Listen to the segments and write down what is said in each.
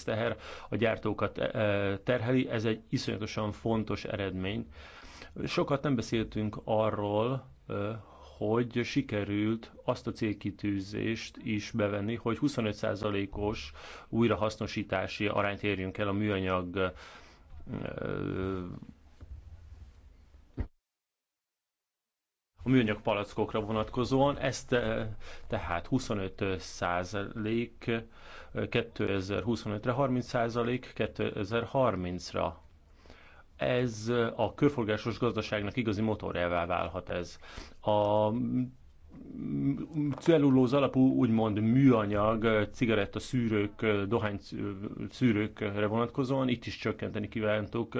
teher a gyártókat e, e, terheli, ez egy iszonyatosan fontos eredmény. Sokat nem beszéltünk arról, e, hogy sikerült azt a célkitűzést is bevenni, hogy 25%-os újrahasznosítási arányt érjünk el a műanyag a műanyag palackokra vonatkozóan, ezt eh, tehát 25 százalék 2025-re, eh, 30 százalék 2030-ra. Ez eh, a körforgásos gazdaságnak igazi motorjává válhat ez. A cellulóz alapú úgymond műanyag cigaretta szűrők, dohány szűrőkre vonatkozóan itt is csökkenteni kívántuk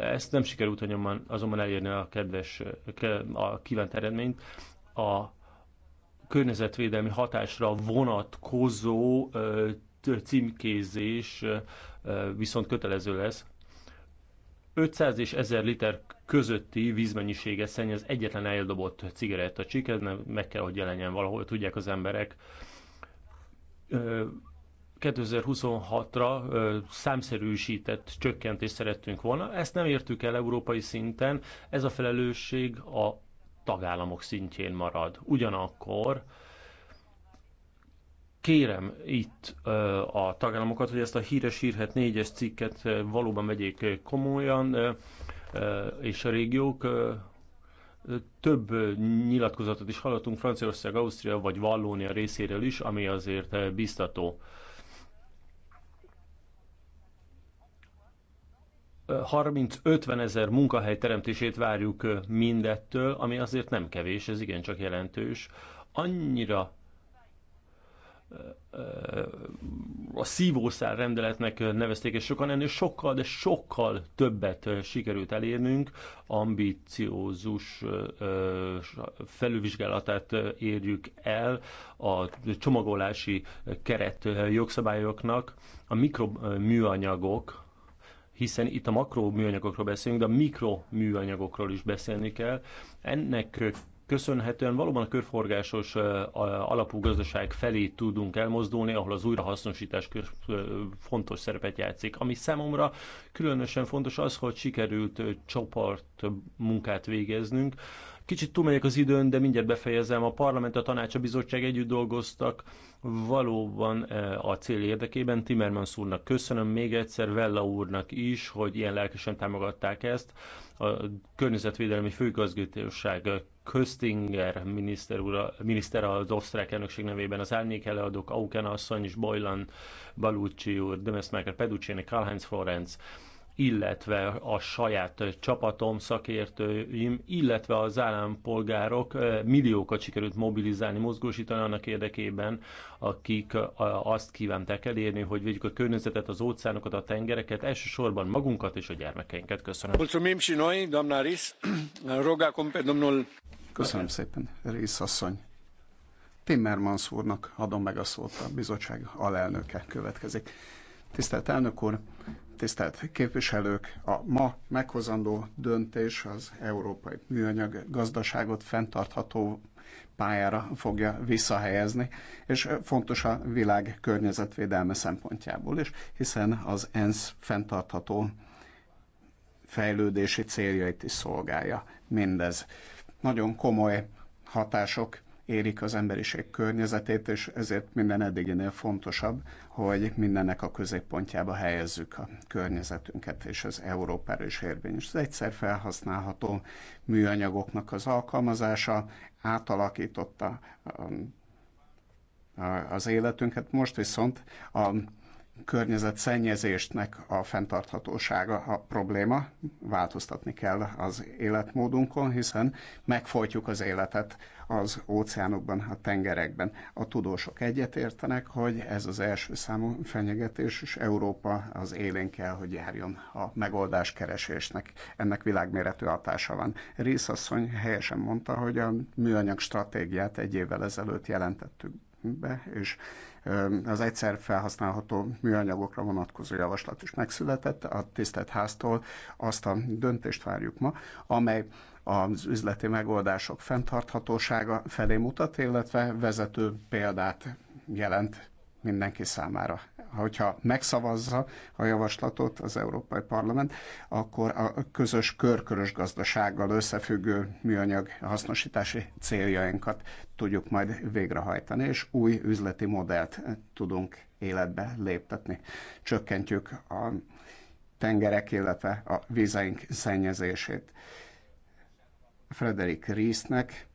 ezt nem sikerült azonban, azonban elérni a kedves, a kívánt eredményt. A környezetvédelmi hatásra vonatkozó címkézés viszont kötelező lesz. 500 és 1000 liter közötti vízmennyiséget szennyez egyetlen eldobott cigarettacsik, ez nem, meg kell, hogy jelenjen valahol, tudják az emberek 2026-ra számszerűsített csökkentést szerettünk volna. Ezt nem értük el európai szinten, ez a felelősség a tagállamok szintjén marad. Ugyanakkor kérem itt a tagállamokat, hogy ezt a híres hírhet négyes cikket valóban vegyék komolyan, és a régiók több nyilatkozatot is hallottunk Franciaország, Ausztria vagy Vallónia részéről is, ami azért biztató. 30-50 ezer munkahely teremtését várjuk mindettől, ami azért nem kevés, ez igencsak jelentős. Annyira a szívószár rendeletnek nevezték, és sokan ennél sokkal, de sokkal többet sikerült elérnünk, ambiciózus felülvizsgálatát érjük el a csomagolási keret jogszabályoknak, a mikroműanyagok, hiszen itt a műanyagokról beszélünk, de a műanyagokról is beszélni kell. Ennek köszönhetően valóban a körforgásos alapú gazdaság felé tudunk elmozdulni, ahol az újrahasznosítás fontos szerepet játszik. Ami számomra különösen fontos az, hogy sikerült csoport munkát végeznünk, Kicsit túlmegyek az időn, de mindjárt befejezem. A parlament, a tanács, a bizottság együtt dolgoztak valóban e, a cél érdekében. Timmermans úrnak köszönöm még egyszer, Vella úrnak is, hogy ilyen lelkesen támogatták ezt. A Környezetvédelmi Főigazgatóság köstinger miniszter, ura, miniszter az osztrák elnökség nevében az árnyék előadók, Auken asszony és Bojlan, Balucci úr, Demesmaker, Peducini, Karl-Heinz Florenc illetve a saját csapatom, szakértőim, illetve az állampolgárok milliókat sikerült mobilizálni, mozgósítani annak érdekében, akik azt kívánták elérni, hogy védjük a környezetet, az óceánokat, a tengereket, elsősorban magunkat és a gyermekeinket. Köszönöm. noi, Köszönöm szépen, Rész asszony. Timmermans úrnak adom meg a szót, a bizottság alelnöke következik. Tisztelt elnök úr, Tisztelt képviselők, a ma meghozandó döntés az európai műanyag gazdaságot fenntartható pályára fogja visszahelyezni, és fontos a világ környezetvédelme szempontjából is, hiszen az ENSZ fenntartható fejlődési céljait is szolgálja mindez. Nagyon komoly hatások érik az emberiség környezetét, és ezért minden eddiginél fontosabb, hogy mindennek a középpontjába helyezzük a környezetünket, és ez Európára is érvényes. Az egyszer felhasználható műanyagoknak az alkalmazása átalakította um, az életünket, most viszont a környezetszennyezésnek a fenntarthatósága a probléma, változtatni kell az életmódunkon, hiszen megfojtjuk az életet az óceánokban, a tengerekben. A tudósok egyetértenek, hogy ez az első számú fenyegetés, és Európa az élén kell, hogy járjon a megoldás keresésnek. Ennek világméretű hatása van. asszony helyesen mondta, hogy a műanyag stratégiát egy évvel ezelőtt jelentettük be, és az egyszer felhasználható műanyagokra vonatkozó javaslat is megszületett a tisztelt háztól. Azt a döntést várjuk ma, amely az üzleti megoldások fenntarthatósága felé mutat, illetve vezető példát jelent mindenki számára hogyha megszavazza a javaslatot az Európai Parlament, akkor a közös körkörös gazdasággal összefüggő műanyag hasznosítási céljainkat tudjuk majd végrehajtani, és új üzleti modellt tudunk életbe léptetni. Csökkentjük a tengerek, illetve a vízeink szennyezését. Frederik Riesnek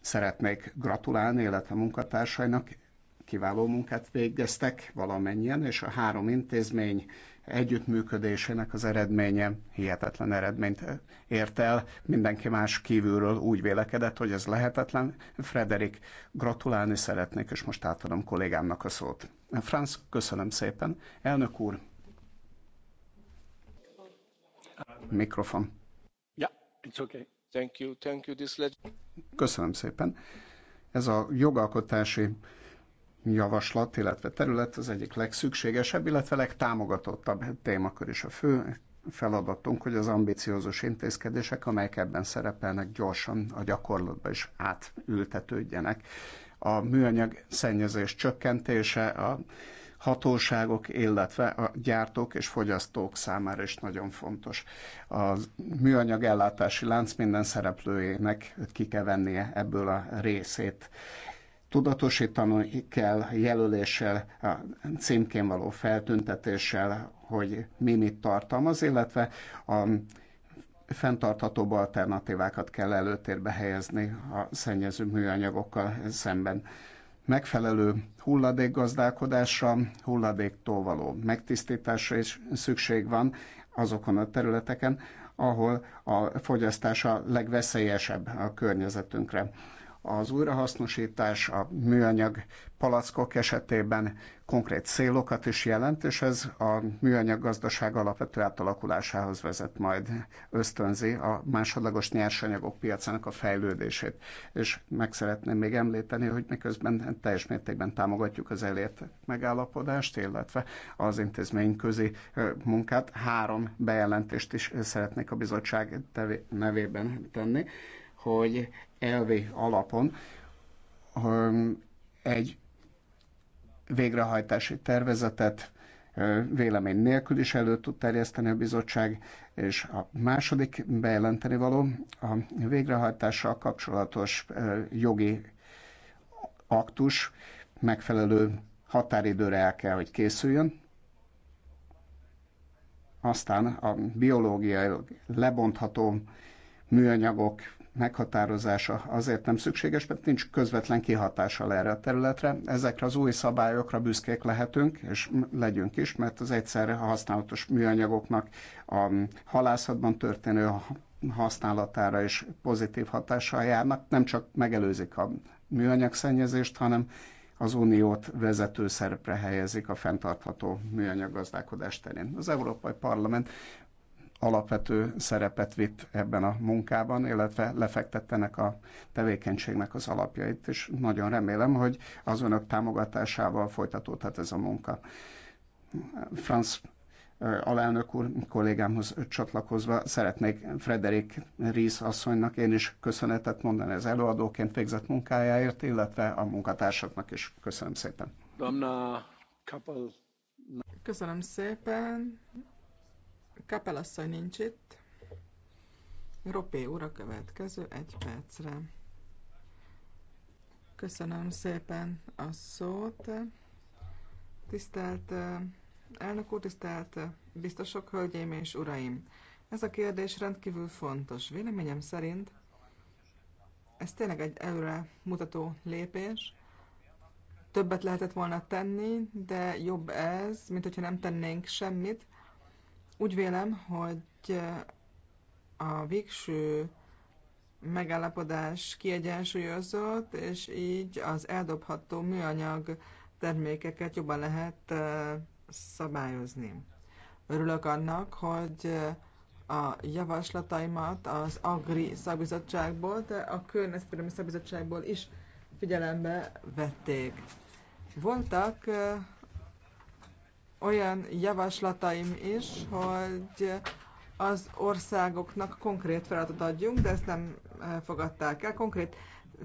szeretnék gratulálni, illetve munkatársainak, kiváló munkát végeztek valamennyien, és a három intézmény együttműködésének az eredménye hihetetlen eredményt ért el. Mindenki más kívülről úgy vélekedett, hogy ez lehetetlen. Frederik, gratulálni szeretnék, és most átadom kollégámnak a szót. Franz, köszönöm szépen. Elnök úr. Mikrofon. Ja, it's okay. Thank you, thank you, this Köszönöm szépen. Ez a jogalkotási javaslat, illetve terület az egyik legszükségesebb, illetve legtámogatottabb témakör is a fő feladatunk, hogy az ambiciózus intézkedések, amelyek ebben szerepelnek, gyorsan a gyakorlatba is átültetődjenek. A műanyag szennyezés csökkentése, a hatóságok, illetve a gyártók és fogyasztók számára is nagyon fontos. A műanyag ellátási lánc minden szereplőjének ki kell vennie ebből a részét tudatosítani kell jelöléssel, a címkén való feltüntetéssel, hogy mi mit tartalmaz, illetve a fenntarthatóbb alternatívákat kell előtérbe helyezni a szennyező műanyagokkal szemben. Megfelelő hulladékgazdálkodásra, hulladéktól való megtisztításra is szükség van azokon a területeken, ahol a fogyasztás a legveszélyesebb a környezetünkre az újrahasznosítás a műanyag palackok esetében konkrét célokat is jelent, és ez a műanyag gazdaság alapvető átalakulásához vezet majd, ösztönzi a másodlagos nyersanyagok piacának a fejlődését. És meg szeretném még említeni, hogy miközben teljes mértékben támogatjuk az elért megállapodást, illetve az intézményközi munkát, három bejelentést is szeretnék a bizottság nevében tenni hogy elvi alapon um, egy végrehajtási tervezetet um, vélemény nélkül is elő tud terjeszteni a bizottság, és a második bejelenteni való a végrehajtással kapcsolatos um, jogi aktus megfelelő határidőre el kell, hogy készüljön. Aztán a biológiai lebontható műanyagok meghatározása azért nem szükséges, mert nincs közvetlen kihatással erre a területre. Ezekre az új szabályokra büszkék lehetünk, és legyünk is, mert az egyszerre használatos műanyagoknak a halászatban történő használatára is pozitív hatással járnak, nem csak megelőzik a műanyag szennyezést, hanem az uniót vezető szerepre helyezik a fenntartható műanyag gazdálkodás terén. Az Európai Parlament alapvető szerepet vitt ebben a munkában, illetve lefektettenek a tevékenységnek az alapjait, és nagyon remélem, hogy az önök támogatásával folytatódhat ez a munka. Franz alelnök úr kollégámhoz csatlakozva szeretnék Frederik Ries asszonynak én is köszönetet mondani az előadóként végzett munkájáért, illetve a munkatársaknak is. Köszönöm szépen. Köszönöm szépen. Kapelasszony nincs itt. Ropé úr a következő egy percre. Köszönöm szépen a szót. Tisztelt eh, elnök úr, tisztelt eh, biztosok, hölgyeim és uraim! Ez a kérdés rendkívül fontos. Véleményem szerint ez tényleg egy előre mutató lépés. Többet lehetett volna tenni, de jobb ez, mint hogyha nem tennénk semmit, úgy vélem, hogy eh, a végső megállapodás kiegyensúlyozott, és így az eldobható műanyag termékeket jobban lehet eh, szabályozni. Örülök annak, hogy eh, a javaslataimat az Agri Szabizottságból, de a Környezetvédelmi Szabizottságból is figyelembe vették. Voltak olyan javaslataim is, hogy az országoknak konkrét feladatot adjunk, de ezt nem eh, fogadták el. Konkrét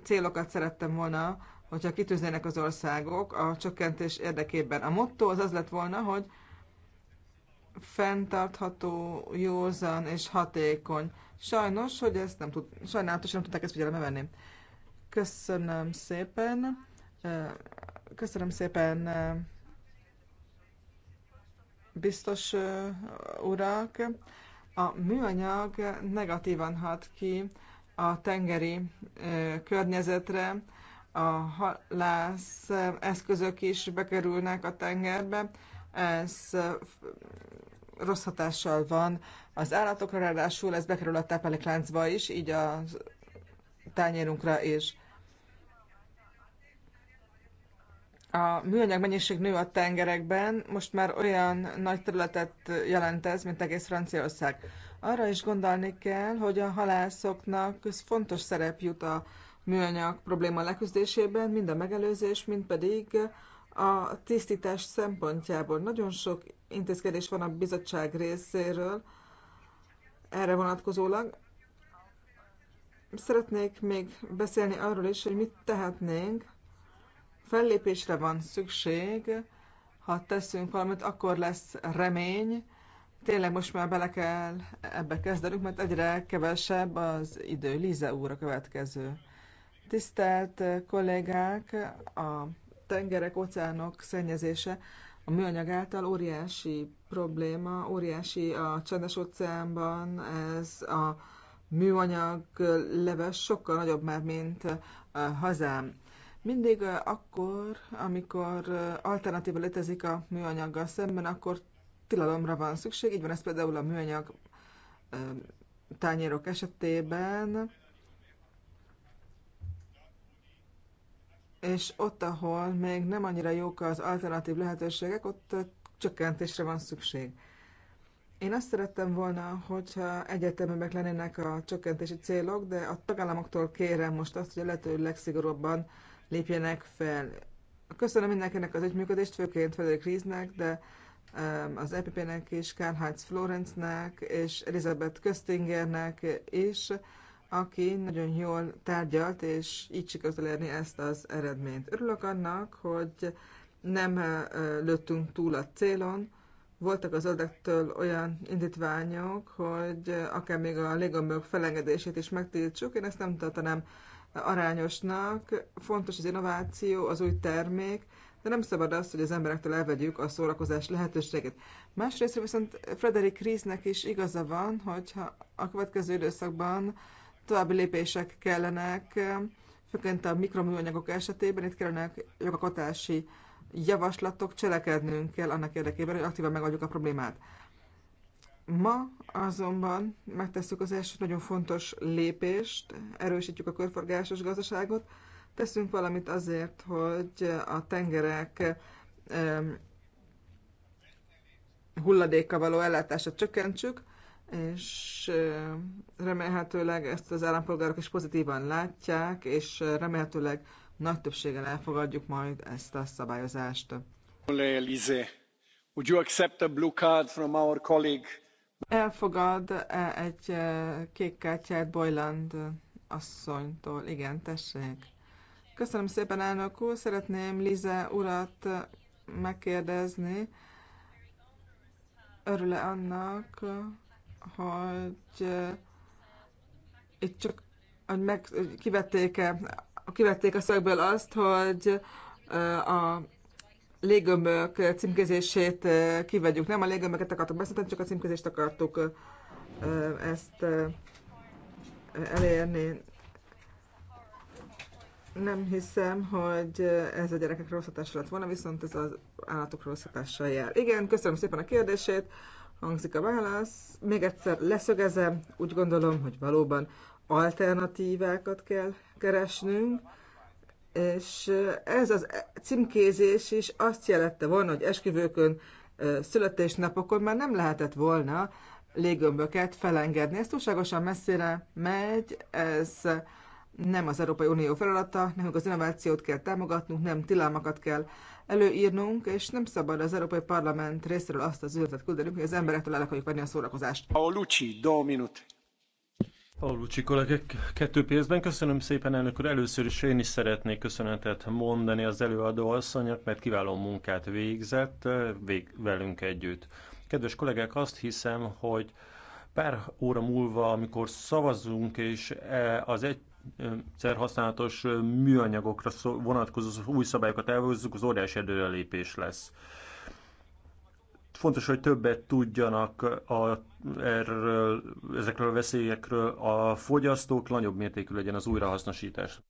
célokat szerettem volna, hogyha kitűznének az országok a csökkentés érdekében. A motto az az lett volna, hogy fenntartható, józan és hatékony. Sajnos, hogy ezt nem tud, sajnálatosan nem tudták ezt figyelembe venni. Köszönöm szépen. Eh, köszönöm szépen eh, biztos urak, a műanyag negatívan hat ki a tengeri környezetre, a halász eszközök is bekerülnek a tengerbe, ez rossz hatással van az állatokra, ráadásul ez bekerül a táplálékláncba is, így a tányérunkra is. a műanyag mennyiség nő a tengerekben, most már olyan nagy területet jelent ez, mint egész Franciaország. Arra is gondolni kell, hogy a halászoknak fontos szerep jut a műanyag probléma leküzdésében, mind a megelőzés, mind pedig a tisztítás szempontjából. Nagyon sok intézkedés van a bizottság részéről erre vonatkozólag. Szeretnék még beszélni arról is, hogy mit tehetnénk Fellépésre van szükség, ha teszünk valamit, akkor lesz remény. Tényleg most már bele kell ebbe kezdenünk, mert egyre kevesebb az idő. Líze úr a következő. Tisztelt kollégák, a tengerek, óceánok szennyezése a műanyag által óriási probléma, óriási a csendes óceánban ez a műanyag leves sokkal nagyobb már, mint a hazám mindig akkor, amikor alternatíva létezik a műanyaggal szemben, akkor tilalomra van szükség. Így van ez például a műanyag tányérok esetében. És ott, ahol még nem annyira jók az alternatív lehetőségek, ott csökkentésre van szükség. Én azt szerettem volna, hogyha egyetememek lennének a csökkentési célok, de a tagállamoktól kérem most azt, hogy a lehető legszigorúbban lépjenek fel. Köszönöm mindenkinek az együttműködést, főként Frederik Riesnek, de um, az EPP-nek is, Karl-Heinz Florencnek és Elizabeth Köstingernek is, aki nagyon jól tárgyalt, és így sikerült elérni ezt az eredményt. Örülök annak, hogy nem uh, lőttünk túl a célon, voltak az ödektől olyan indítványok, hogy uh, akár még a légömbök felengedését is megtiltsuk, én ezt nem tartanám arányosnak. Fontos az innováció, az új termék, de nem szabad azt, hogy az emberektől elvegyük a szórakozás lehetőséget. Másrészt viszont Frederick Riesnek is igaza van, hogyha a következő időszakban további lépések kellenek, főként a mikroműanyagok esetében itt kellene jogakotási javaslatok, cselekednünk kell annak érdekében, hogy aktívan megoldjuk a problémát. Ma azonban megtesszük az első nagyon fontos lépést, erősítjük a körforgásos gazdaságot, teszünk valamit azért, hogy a tengerek hulladéka való ellátását csökkentsük, és remélhetőleg ezt az állampolgárok is pozitívan látják, és remélhetőleg nagy többséggel elfogadjuk majd ezt a szabályozást. Elise, would you accept a blue card from our colleague? Elfogad egy eh, kék kártyát Boyland asszonytól. Igen, tessék. Köszönöm szépen, elnök úr. Szeretném Lize urat megkérdezni. Örül-e annak, hogy eh, itt csak hogy meg, hogy kivették, -e, kivették a szögből azt, hogy eh, a légömök címkézését kivegyük. Nem a légömöket akartuk beszélni, csak a címkézést akartuk ezt elérni. Nem hiszem, hogy ez a gyerekek rossz hatással lett volna, viszont ez az állatok rossz hatással jár. Igen, köszönöm szépen a kérdését, hangzik a válasz. Még egyszer leszögezem, úgy gondolom, hogy valóban alternatívákat kell keresnünk és ez az címkézés is azt jelette volna, hogy esküvőkön, születésnapokon már nem lehetett volna légömböket felengedni. Ez túlságosan messzire megy, ez nem az Európai Unió feladata, nekünk az innovációt kell támogatnunk, nem tilalmakat kell előírnunk, és nem szabad az Európai Parlament részéről azt az üzletet küldenünk, hogy az emberektől el akarjuk venni a szórakozást. Paolucci, do minut. Paulucsi kollégek, kettő pénzben köszönöm szépen, elnök úr. Először is én is szeretnék köszönetet mondani az előadó asszonynak, mert kiváló munkát végzett vég, velünk együtt. Kedves kollégák, azt hiszem, hogy pár óra múlva, amikor szavazunk, és e, az egy használatos műanyagokra vonatkozó új szabályokat elhozzuk, az óriási előrelépés lesz. Fontos, hogy többet tudjanak a, erről, ezekről a veszélyekről a fogyasztók, nagyobb mértékű legyen az újrahasznosítás.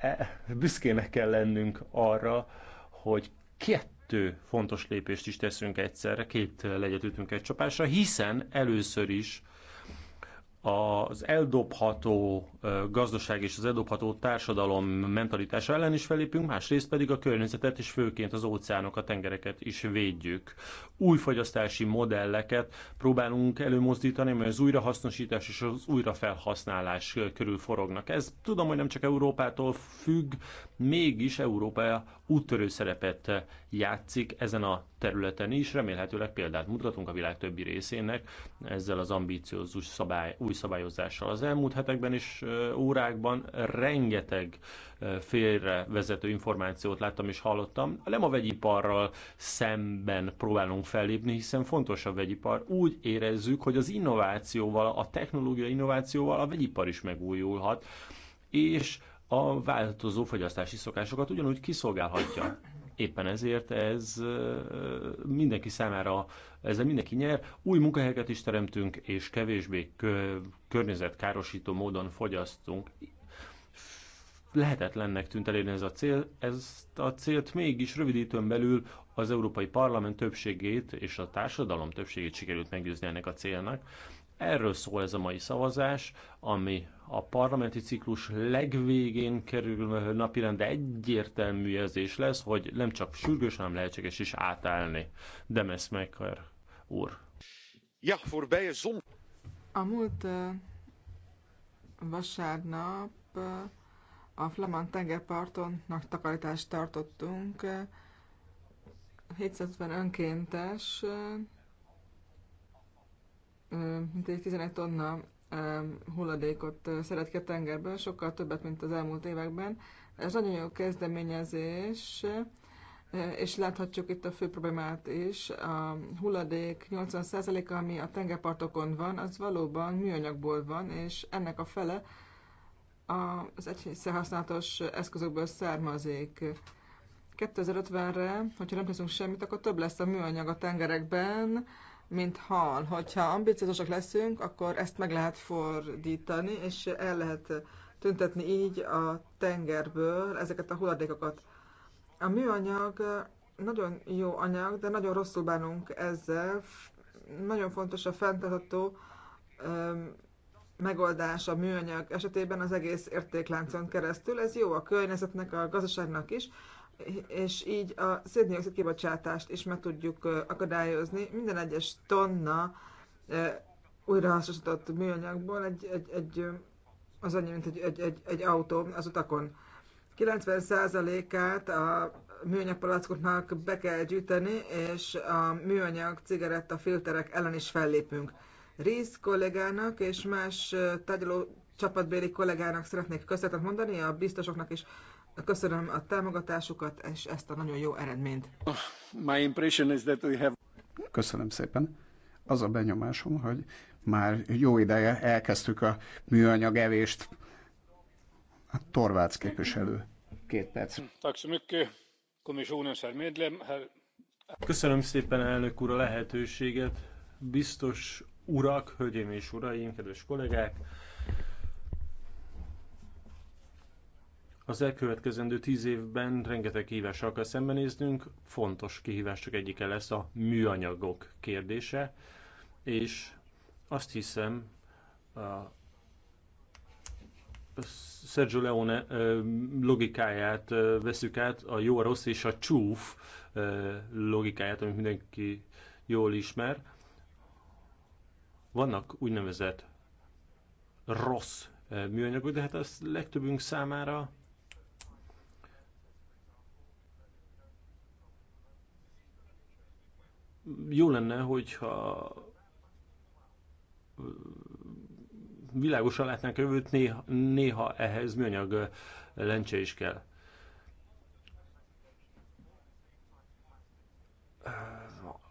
E, büszkének kell lennünk arra, hogy kettő fontos lépést is teszünk egyszerre, két legyet ütünk egy csapásra, hiszen először is az eldobható gazdaság és az eldobható társadalom mentalitása ellen is felépünk, másrészt pedig a környezetet és főként az óceánokat, tengereket is védjük. Új fogyasztási modelleket próbálunk előmozdítani, mert az újrahasznosítás és az újrafelhasználás körül forognak. Ez tudom, hogy nem csak Európától függ, mégis Európa úttörő szerepet játszik ezen a területen is. Remélhetőleg példát mutatunk a világ többi részének ezzel az ambíciózus szabály, új szabályozással. Az elmúlt hetekben és órákban rengeteg félrevezető információt láttam és hallottam. Nem a vegyiparral szemben próbálunk fellépni, hiszen fontos a vegyipar. Úgy érezzük, hogy az innovációval, a technológia innovációval a vegyipar is megújulhat, és a változó fogyasztási szokásokat ugyanúgy kiszolgálhatja. Éppen ezért ez mindenki számára, ezzel mindenki nyer. Új munkahelyeket is teremtünk, és kevésbé környezetkárosító módon fogyasztunk. Lehetetlennek tűnt elérni ez a cél. Ezt a célt mégis rövidítőn belül az Európai Parlament többségét és a társadalom többségét sikerült meggyőzni ennek a célnak Erről szól ez a mai szavazás, ami a parlamenti ciklus legvégén kerül de egyértelmű jelzés lesz, hogy nem csak sürgős, hanem lehetséges is átállni. Demes Mekker úr. Ja, voorbije A múlt vasárnap a Flamand tengerparton nagy takarítást tartottunk. 750 önkéntes egy 11 tonna hulladékot szeret ki a tengerből, sokkal többet, mint az elmúlt években. Ez nagyon jó kezdeményezés, és láthatjuk itt a fő problémát is. A hulladék 80%-a, ami a tengerpartokon van, az valóban műanyagból van, és ennek a fele az egyszerhasználatos eszközökből származik. 2050-re, hogyha nem teszünk semmit, akkor több lesz a műanyag a tengerekben, mint hal. Hogyha ambiciózusak leszünk, akkor ezt meg lehet fordítani, és el lehet tüntetni így a tengerből ezeket a hulladékokat. A műanyag nagyon jó anyag, de nagyon rosszul bánunk ezzel. Nagyon fontos a fenntartható megoldás a műanyag esetében az egész értékláncon keresztül. Ez jó a környezetnek, a gazdaságnak is, és így a széndiokszid kibocsátást is meg tudjuk akadályozni. Minden egyes tonna újrahasznosított műanyagból egy, egy, egy, az annyi, mint egy, egy, egy, egy autó az utakon. 90%-át a műanyag palackoknak be kell gyűjteni, és a műanyag cigaretta filterek ellen is fellépünk. Rész kollégának és más tárgyaló csapatbéli kollégának szeretnék köszönetet mondani, a biztosoknak is Köszönöm a támogatásukat és ezt a nagyon jó eredményt. My impression is that we have... Köszönöm szépen. Az a benyomásom, hogy már jó ideje elkezdtük a műanyag evést. A Torvács képviselő. Két perc. Köszönöm szépen, elnök úr, a lehetőséget. Biztos urak, hölgyeim és uraim, kedves kollégák! Az elkövetkezendő tíz évben rengeteg kihívással kell szembenéznünk, fontos csak egyike lesz a műanyagok kérdése, és azt hiszem, a Sergio Leone logikáját veszük át, a jó, a rossz és a csúf logikáját, amit mindenki jól ismer. Vannak úgynevezett rossz műanyagok, de hát az legtöbbünk számára jó lenne, hogyha világosan látnánk jövőt, néha, néha ehhez műanyag lencse is kell.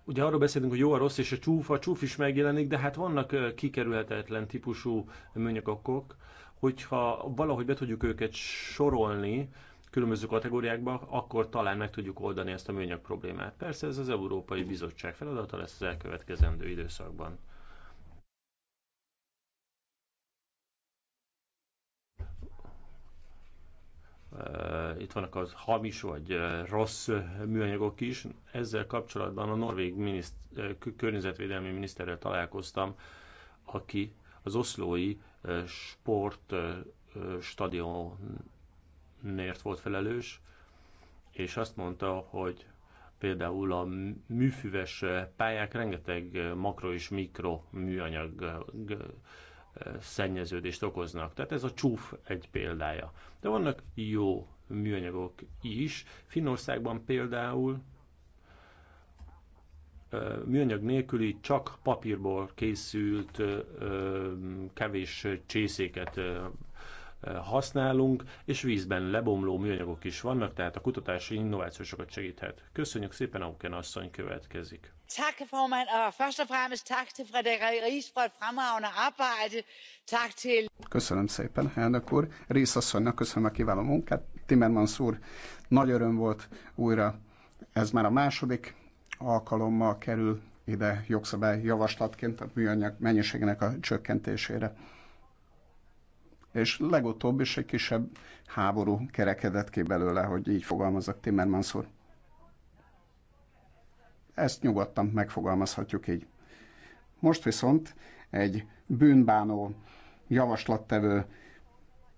Ugye arról beszélünk, hogy jó a rossz és a csúf, a csúf is megjelenik, de hát vannak kikerülhetetlen típusú műanyagokok, hogyha valahogy be tudjuk őket sorolni, különböző kategóriákba, akkor talán meg tudjuk oldani ezt a műanyag problémát. Persze ez az Európai Bizottság feladata lesz az elkövetkezendő időszakban. Itt vannak az hamis vagy rossz műanyagok is. Ezzel kapcsolatban a norvég miniszt, környezetvédelmi miniszterrel találkoztam, aki az oszlói sportstadion miért volt felelős, és azt mondta, hogy például a műfüves pályák rengeteg makro és mikro műanyag szennyeződést okoznak. Tehát ez a csúf egy példája. De vannak jó műanyagok is. Finnországban például műanyag nélküli csak papírból készült kevés csészéket használunk, és vízben lebomló műanyagok is vannak, tehát a kutatási innováció segíthet. Köszönjük szépen, Auken asszony következik. Tak, formand, og äh, først og fremmest tak til Frederik Ries for et fremragende arbejde. Tak til... Köszönöm szépen, elnök úr. Ries asszonynak köszönöm a kiváló munkát. Timmermans úr, nagy öröm volt újra. Ez már a második alkalommal kerül ide jogszabály javaslatként a műanyag mennyiségének a csökkentésére és legutóbb is egy kisebb háború kerekedett ki belőle, hogy így fogalmazok Timmermans úr. Ezt nyugodtan megfogalmazhatjuk így. Most viszont egy bűnbánó, javaslattevő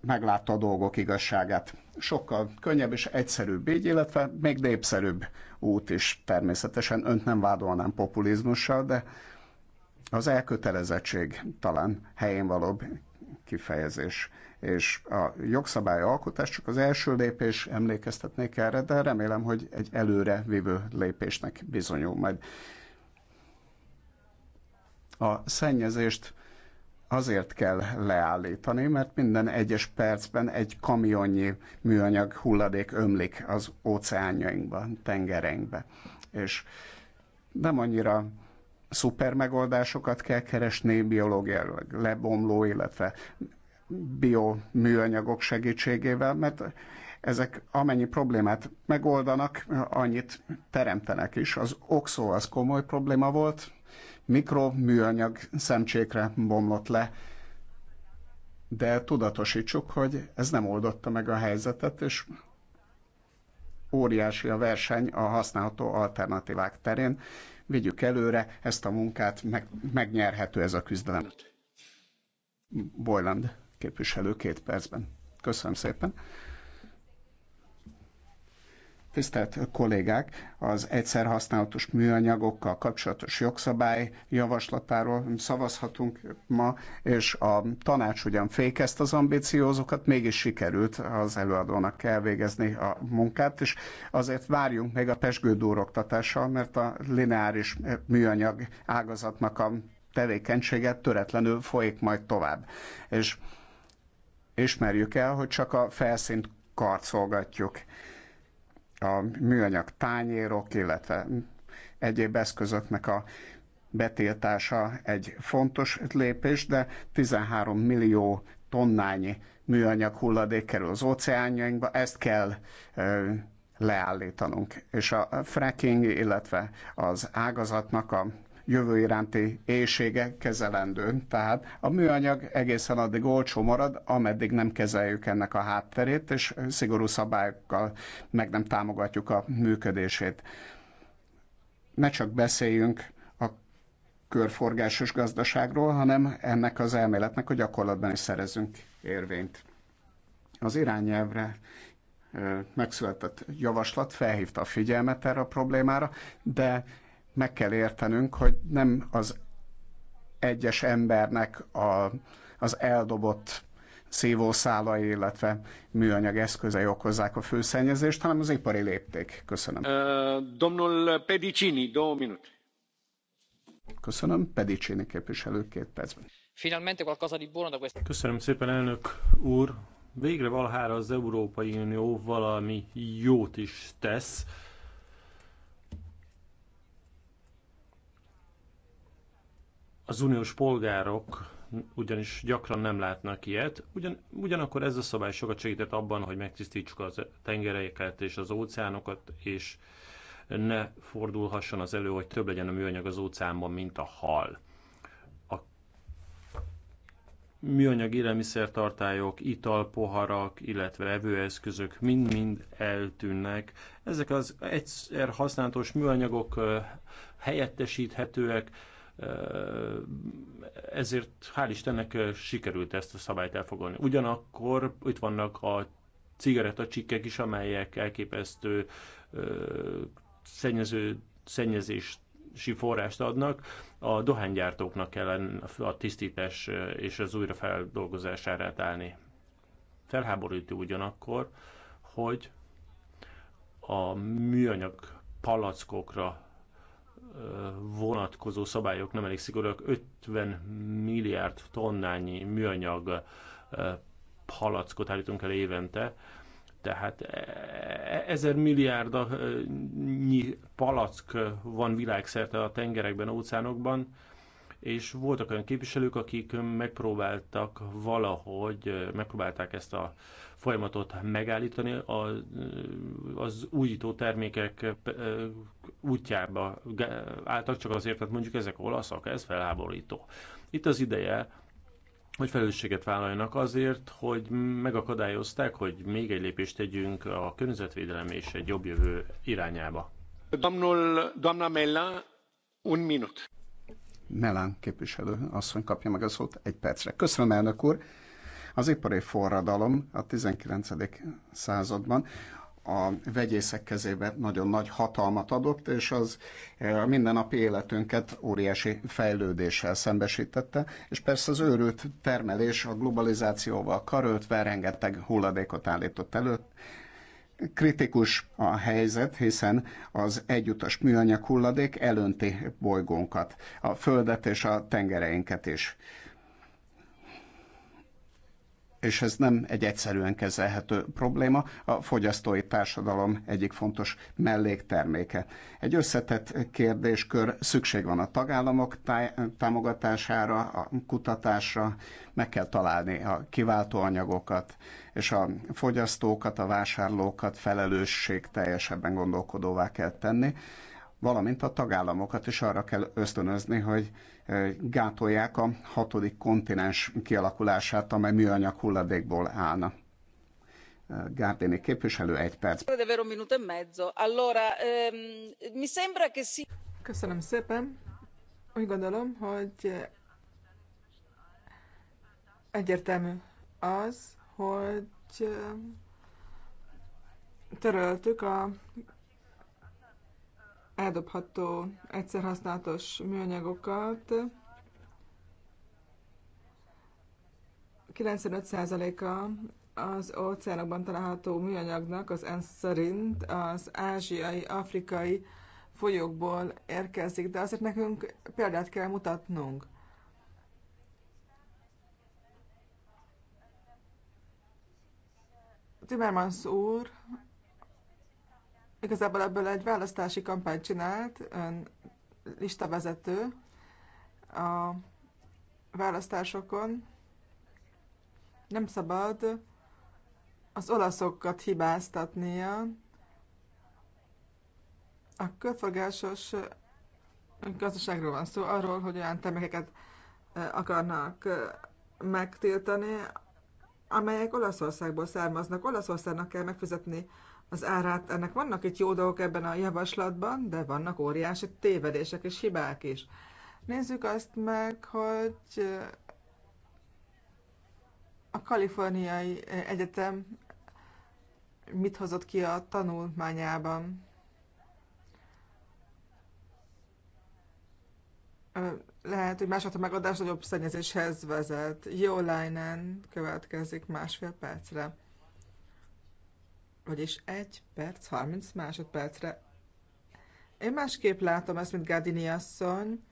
meglátta a dolgok igazságát. Sokkal könnyebb és egyszerűbb így, illetve még népszerűbb út is természetesen. Önt nem vádolnám populizmussal, de az elkötelezettség talán helyén valóbb, kifejezés. És a jogszabály alkotás csak az első lépés, emlékeztetnék erre, de remélem, hogy egy előre vívő lépésnek bizonyul majd. A szennyezést azért kell leállítani, mert minden egyes percben egy kamionnyi műanyag hulladék ömlik az óceánjainkba, tengereinkbe. És nem annyira szuper megoldásokat kell keresni biológiailag lebomló, illetve bioműanyagok segítségével, mert ezek amennyi problémát megoldanak, annyit teremtenek is. Az oxó az komoly probléma volt, mikroműanyag szemcsékre bomlott le, de tudatosítsuk, hogy ez nem oldotta meg a helyzetet, és óriási a verseny a használható alternatívák terén, vigyük előre ezt a munkát, meg, megnyerhető ez a küzdelem. Bojland képviselő két percben. Köszönöm szépen. Tisztelt kollégák, az egyszer használatos műanyagokkal kapcsolatos jogszabály javaslatáról szavazhatunk ma, és a tanács ugyan fékezt az ambíciózokat, mégis sikerült az előadónak elvégezni a munkát, és azért várjunk meg a pesgődúr oktatással, mert a lineáris műanyag ágazatnak a tevékenysége töretlenül folyik majd tovább. És ismerjük el, hogy csak a felszínt karcolgatjuk a műanyag tányérok, illetve egyéb eszközöknek a betiltása egy fontos lépés, de 13 millió tonnányi műanyag hulladék kerül az óceánjainkba, ezt kell ö, leállítanunk. És a fracking, illetve az ágazatnak a jövő iránti éjsége kezelendő. Tehát a műanyag egészen addig olcsó marad, ameddig nem kezeljük ennek a hátterét, és szigorú szabályokkal meg nem támogatjuk a működését. Ne csak beszéljünk a körforgásos gazdaságról, hanem ennek az elméletnek a gyakorlatban is szerezünk érvényt. Az irányelvre megszületett javaslat felhívta a figyelmet erre a problémára, de meg kell értenünk, hogy nem az egyes embernek a, az eldobott szívószálai, illetve műanyag eszközei okozzák a főszennyezést, hanem az ipari lépték. Köszönöm. Uh, domnul Pedicini, două minut. Köszönöm. Pedicini képviselő két percben. Finalmente qualcosa di buono da questo. Köszönöm szépen, elnök úr. Végre valahára az Európai Unió valami jót is tesz Az uniós polgárok ugyanis gyakran nem látnak ilyet, ugyan, ugyanakkor ez a szabály sokat segített abban, hogy megtisztítsuk az tengereket és az óceánokat, és ne fordulhasson az elő, hogy több legyen a műanyag az óceánban, mint a hal. A műanyag élelmiszertartályok, italpoharak, illetve evőeszközök mind-mind eltűnnek. Ezek az egyszer használatos műanyagok helyettesíthetőek, ezért hál' Istennek sikerült ezt a szabályt elfogadni. Ugyanakkor itt vannak a cigarettacsikkek is, amelyek elképesztő szennyező, szennyezést forrást adnak, a dohánygyártóknak kell a tisztítás és az újrafeldolgozására állni. Felháborító ugyanakkor, hogy a műanyag palackokra vonatkozó szabályok nem elég szigorúak. 50 milliárd tonnányi műanyag palackot állítunk el évente, tehát e, e, ezer milliárd palack van világszerte a tengerekben, óceánokban, és voltak olyan képviselők, akik megpróbáltak valahogy, megpróbálták ezt a folyamatot megállítani az újító termékek útjába álltak, csak azért, mert mondjuk ezek olaszak, ez felháborító. Itt az ideje, hogy felelősséget vállaljanak azért, hogy megakadályozták, hogy még egy lépést tegyünk a környezetvédelem és egy jobb jövő irányába. Domnul, domna Mella, un minut Melán képviselő asszony kapja meg a szót egy percre. Köszönöm, elnök úr! Az ipari forradalom a 19. században a vegyészek kezébe nagyon nagy hatalmat adott, és az eh, a mindennapi életünket óriási fejlődéssel szembesítette, és persze az őrült termelés a globalizációval karöltve rengeteg hulladékot állított elő, kritikus a helyzet, hiszen az egyutas műanyag hulladék elönti bolygónkat, a földet és a tengereinket is és ez nem egy egyszerűen kezelhető probléma, a fogyasztói társadalom egyik fontos mellékterméke. Egy összetett kérdéskör szükség van a tagállamok támogatására, a kutatásra, meg kell találni a kiváltó anyagokat, és a fogyasztókat, a vásárlókat felelősség teljesebben gondolkodóvá kell tenni, valamint a tagállamokat is arra kell ösztönözni, hogy gátolják a hatodik kontinens kialakulását, amely műanyag hulladékból állna. Gárdéni képviselő, egy perc. Köszönöm szépen. Úgy gondolom, hogy egyértelmű az, hogy töröltük a eldobható egyszerhasználatos műanyagokat. 95%-a az óceánokban található műanyagnak az ENSZ szerint az ázsiai, afrikai folyókból érkezik, de azért nekünk példát kell mutatnunk. Timmermans úr Igazából ebből egy választási kampányt csinált, ön listavezető a választásokon. Nem szabad az olaszokat hibáztatnia. A körforgásos gazdaságról van szó, arról, hogy olyan termékeket akarnak megtiltani, amelyek Olaszországból származnak. Olaszországnak kell megfizetni az árát. Ennek vannak itt jó dolgok ebben a javaslatban, de vannak óriási tévedések és hibák is. Nézzük azt meg, hogy eh, a kaliforniai eh, egyetem mit hozott ki a tanulmányában. Lehet, hogy másodta megoldás nagyobb szennyezéshez vezet. Jó Leinen következik másfél percre. Vagyis 1 perc, 30 másodpercre. Én másképp látom ezt, mint Gadini asszony,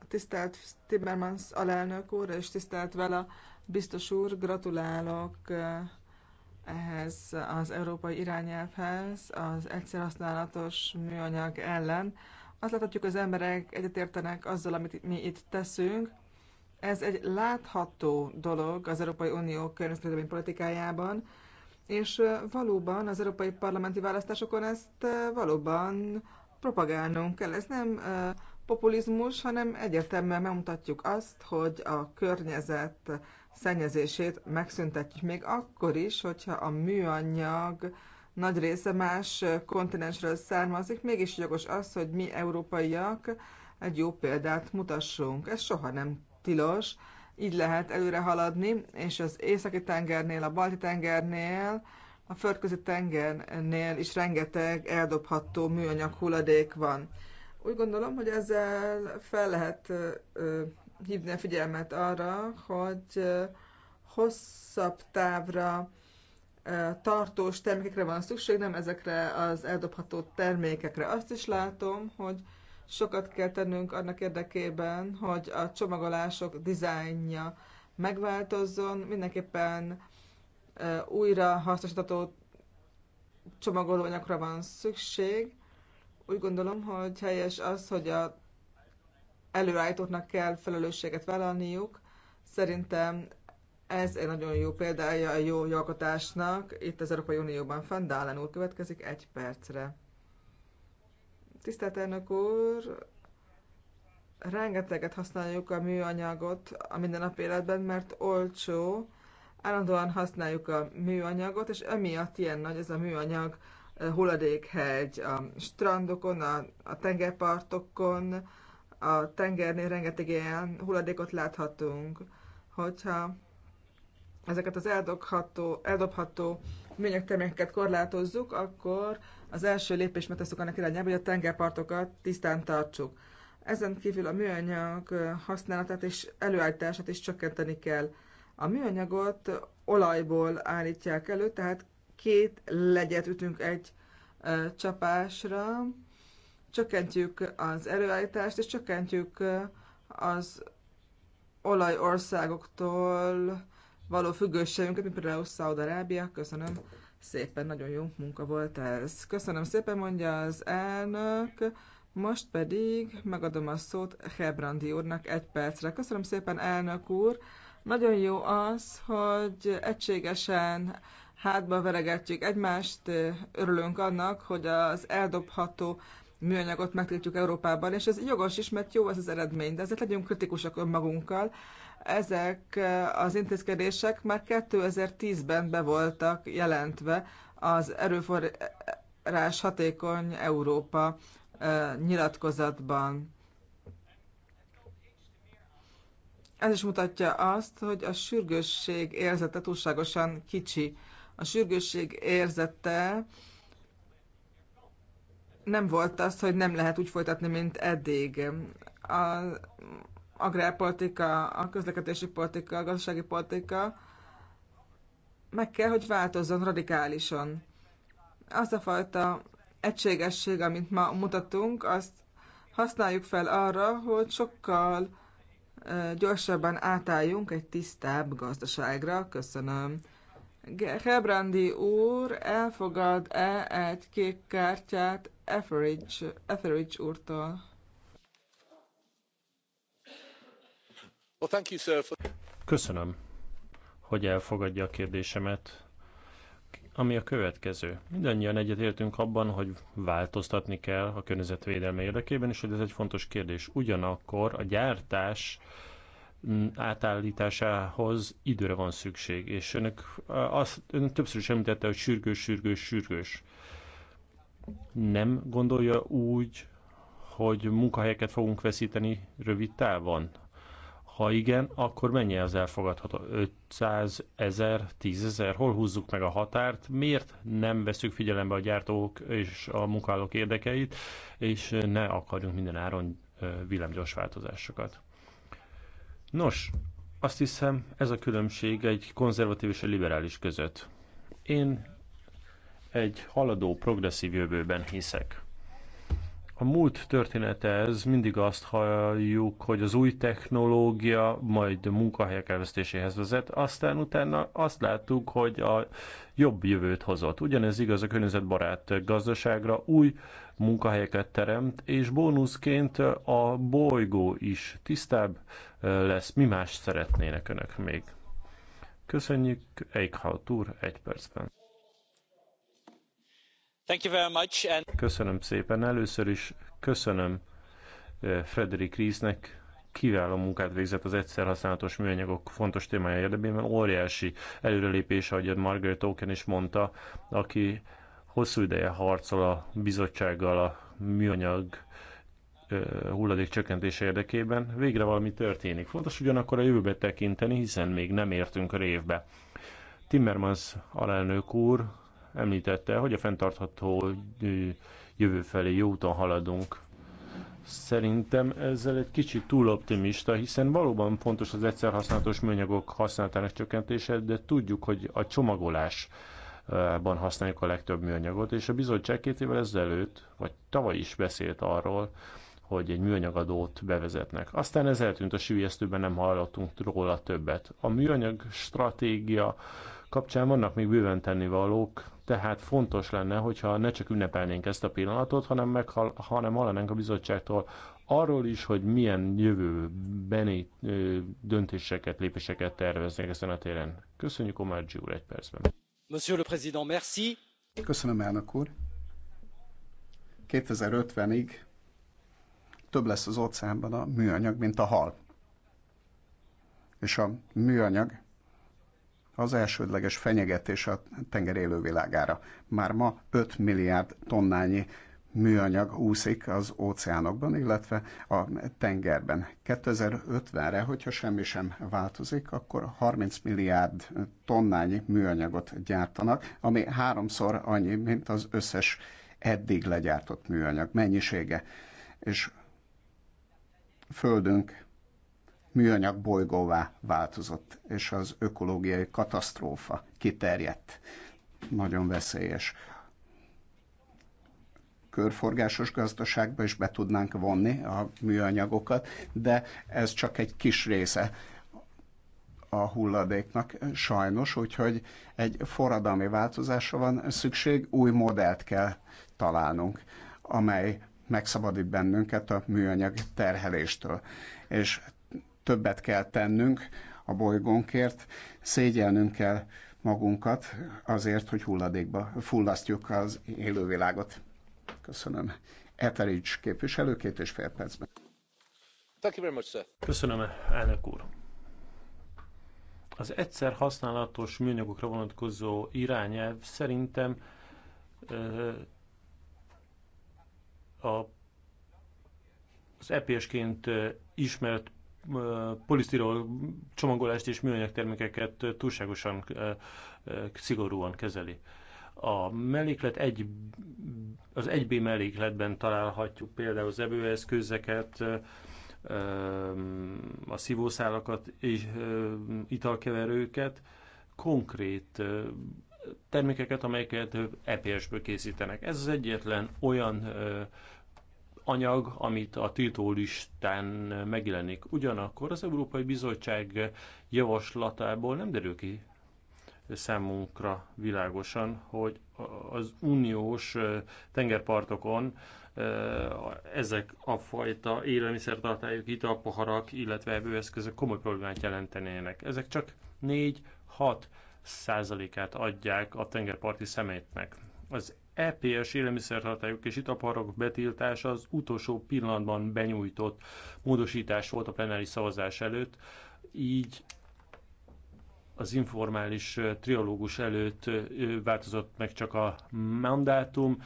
a tisztelt Timmermans alelnök úr, és tisztelt vele biztos úr, gratulálok eh, ehhez az európai irányelvhez, az egyszerhasználatos műanyag ellen. Azt láthatjuk, az emberek egyetértenek azzal, amit mi itt teszünk. Ez egy látható dolog az Európai Unió környezetvédelmi politikájában, és valóban az európai parlamenti választásokon ezt valóban propagálnunk kell. Ez nem populizmus, hanem egyértelműen megmutatjuk azt, hogy a környezet szennyezését megszüntetjük még akkor is, hogyha a műanyag nagy része más kontinensről származik, mégis jogos az, hogy mi európaiak egy jó példát mutassunk. Ez soha nem tilos, így lehet előre haladni, és az északi tengernél, a balti tengernél, a földközi tengernél is rengeteg eldobható műanyag hulladék van. Úgy gondolom, hogy ezzel fel lehet hívni a figyelmet arra, hogy hosszabb távra tartós termékekre van szükség, nem ezekre az eldobható termékekre. Azt is látom, hogy Sokat kell tennünk annak érdekében, hogy a csomagolások dizájnja megváltozzon, mindenképpen újra hasznosítható csomagolóanyagra van szükség. Úgy gondolom, hogy helyes az, hogy a előállítóknak kell felelősséget vállalniuk. Szerintem ez egy nagyon jó példája a jó jogalkotásnak. Itt az Európai Unióban fenn, úr következik egy percre. Tisztelt elnök úr, rengeteget használjuk a műanyagot a mindennapi életben, mert olcsó, állandóan használjuk a műanyagot, és emiatt ilyen nagy ez a műanyag eh, hulladékhegy a strandokon, a, a tengerpartokon, a tengernél rengeteg ilyen hulladékot láthatunk. Hogyha ezeket az eldobható, eldobható műanyagtermékeket korlátozzuk, akkor az első lépést teszünk annak irányába, hogy a tengerpartokat tisztán tartsuk. Ezen kívül a műanyag használatát és előállítását is csökkenteni kell. A műanyagot olajból állítják elő, tehát két legyet ütünk egy csapásra, csökkentjük az előállítást, és csökkentjük az olajországoktól való függőségünket, mint például Szaudarábia. Köszönöm szépen, nagyon jó munka volt ez. Köszönöm szépen, mondja az elnök. Most pedig megadom a szót Hebrandi úrnak egy percre. Köszönöm szépen, elnök úr. Nagyon jó az, hogy egységesen hátba veregetjük egymást, örülünk annak, hogy az eldobható műanyagot megtiltjuk Európában, és ez jogos is, mert jó az az eredmény, de ezért legyünk kritikusak önmagunkkal, ezek az intézkedések már 2010-ben be voltak jelentve az erőforrás hatékony Európa nyilatkozatban. Ez is mutatja azt, hogy a sürgősség érzete túlságosan kicsi. A sürgősség érzete nem volt az, hogy nem lehet úgy folytatni, mint eddig. A agrárpolitika, a közlekedési politika, a gazdasági politika meg kell, hogy változzon radikálisan. Az a fajta egységesség, amit ma mutatunk, azt használjuk fel arra, hogy sokkal gyorsabban átálljunk egy tisztább gazdaságra. Köszönöm. Hebrandi úr elfogad-e egy kék kártyát Etheridge, Etheridge úrtól? Köszönöm, hogy elfogadja a kérdésemet, ami a következő. Mindannyian egyetértünk abban, hogy változtatni kell a környezetvédelme érdekében, és hogy ez egy fontos kérdés. Ugyanakkor a gyártás mm, átállításához időre van szükség, és önök azt ön többször is említette, hogy sürgős, sürgős, sürgős. Nem gondolja úgy, hogy munkahelyeket fogunk veszíteni rövid távon? Ha igen, akkor mennyi az elfogadható? 500 1000, 10 ezer? Hol húzzuk meg a határt? Miért nem veszük figyelembe a gyártók és a munkálók érdekeit, és ne akarjunk minden áron villámgyors változásokat? Nos, azt hiszem ez a különbség egy konzervatív és egy liberális között. Én egy haladó, progresszív jövőben hiszek. A múlt története ez, mindig azt halljuk, hogy az új technológia majd munkahelyek elvesztéséhez vezet, aztán utána azt láttuk, hogy a jobb jövőt hozott. Ugyanez igaz a környezetbarát gazdaságra, új munkahelyeket teremt, és bónuszként a bolygó is tisztább lesz. Mi más szeretnének önök még? Köszönjük, Eichhaut úr, egy percben. Köszönöm szépen. Először is köszönöm eh, Frederik Riesnek, kiváló munkát végzett az egyszer használatos műanyagok fontos témája érdekében. Óriási előrelépés, ahogy Margaret Oken is mondta, aki hosszú ideje harcol a bizottsággal a műanyag eh, hulladék csökkentése érdekében. Végre valami történik. Fontos ugyanakkor a jövőbe tekinteni, hiszen még nem értünk a révbe. Timmermans alelnök úr említette, hogy a fenntartható jövő felé jó úton haladunk. Szerintem ezzel egy kicsit túl optimista, hiszen valóban fontos az egyszerhasználatos műanyagok használatának csökkentése, de tudjuk, hogy a csomagolás ban használjuk a legtöbb műanyagot, és a bizottság két évvel ezelőtt, vagy tavaly is beszélt arról, hogy egy műanyagadót bevezetnek. Aztán ez eltűnt a sűjesztőben, nem hallottunk róla többet. A műanyag stratégia kapcsán vannak még bőven tennivalók, tehát fontos lenne, hogyha ne csak ünnepelnénk ezt a pillanatot, hanem, meghal, hanem hallanánk a bizottságtól arról is, hogy milyen jövőbeni döntéseket, lépéseket terveznek ezen a téren. Köszönjük Omar G. egy percben. Monsieur le Président, merci. Köszönöm, elnök úr. 2050-ig több lesz az óceánban a műanyag, mint a hal. És a műanyag az elsődleges fenyegetés a tenger élővilágára. Már ma 5 milliárd tonnányi műanyag úszik az óceánokban, illetve a tengerben. 2050-re, hogyha semmi sem változik, akkor 30 milliárd tonnányi műanyagot gyártanak, ami háromszor annyi, mint az összes eddig legyártott műanyag mennyisége. És földünk műanyag bolygóvá változott, és az ökológiai katasztrófa kiterjedt. Nagyon veszélyes. Körforgásos gazdaságba is be tudnánk vonni a műanyagokat, de ez csak egy kis része a hulladéknak sajnos, úgyhogy egy forradalmi változásra van szükség, új modellt kell találnunk, amely megszabadít bennünket a műanyag terheléstől. És többet kell tennünk a bolygónkért, szégyelnünk kell magunkat azért, hogy hulladékba fullasztjuk az élővilágot. Köszönöm. Eterics képviselő, két és fél percben. Thank you very much, sir. Köszönöm, elnök úr. Az egyszer használatos műanyagokra vonatkozó irányelv szerintem a, az EPS-ként ismert polisztirol csomagolást és műanyag termékeket túlságosan szigorúan kezeli. A melléklet egy, az 1B mellékletben találhatjuk például az evőeszközeket, a szívószálakat és italkeverőket, konkrét termékeket, amelyeket EPS-ből készítenek. Ez az egyetlen olyan anyag, amit a tiltólistán megjelenik. Ugyanakkor az Európai Bizottság javaslatából nem derül ki számunkra világosan, hogy az uniós tengerpartokon ezek a fajta élelmiszertartályok, italpoharak, illetve evőeszközök komoly problémát jelentenének. Ezek csak 4-6 százalékát adják a tengerparti szemétnek. Az EPS élelmiszerhatályok és itaparok betiltása az utolsó pillanatban benyújtott módosítás volt a plenáris szavazás előtt, így az informális triológus előtt változott meg csak a mandátum,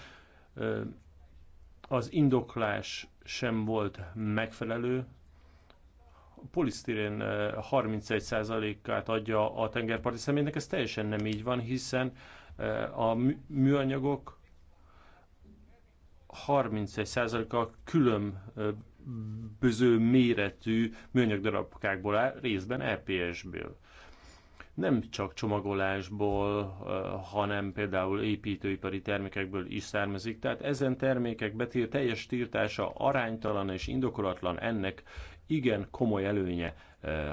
az indoklás sem volt megfelelő, a polisztirén 31%-át adja a tengerparti személynek, ez teljesen nem így van, hiszen a műanyagok 31%-a különböző méretű műanyag darabkákból áll, részben EPS-ből. Nem csak csomagolásból, hanem például építőipari termékekből is származik. Tehát ezen termékek betír, teljes tiltása aránytalan és indokolatlan ennek igen komoly előnye,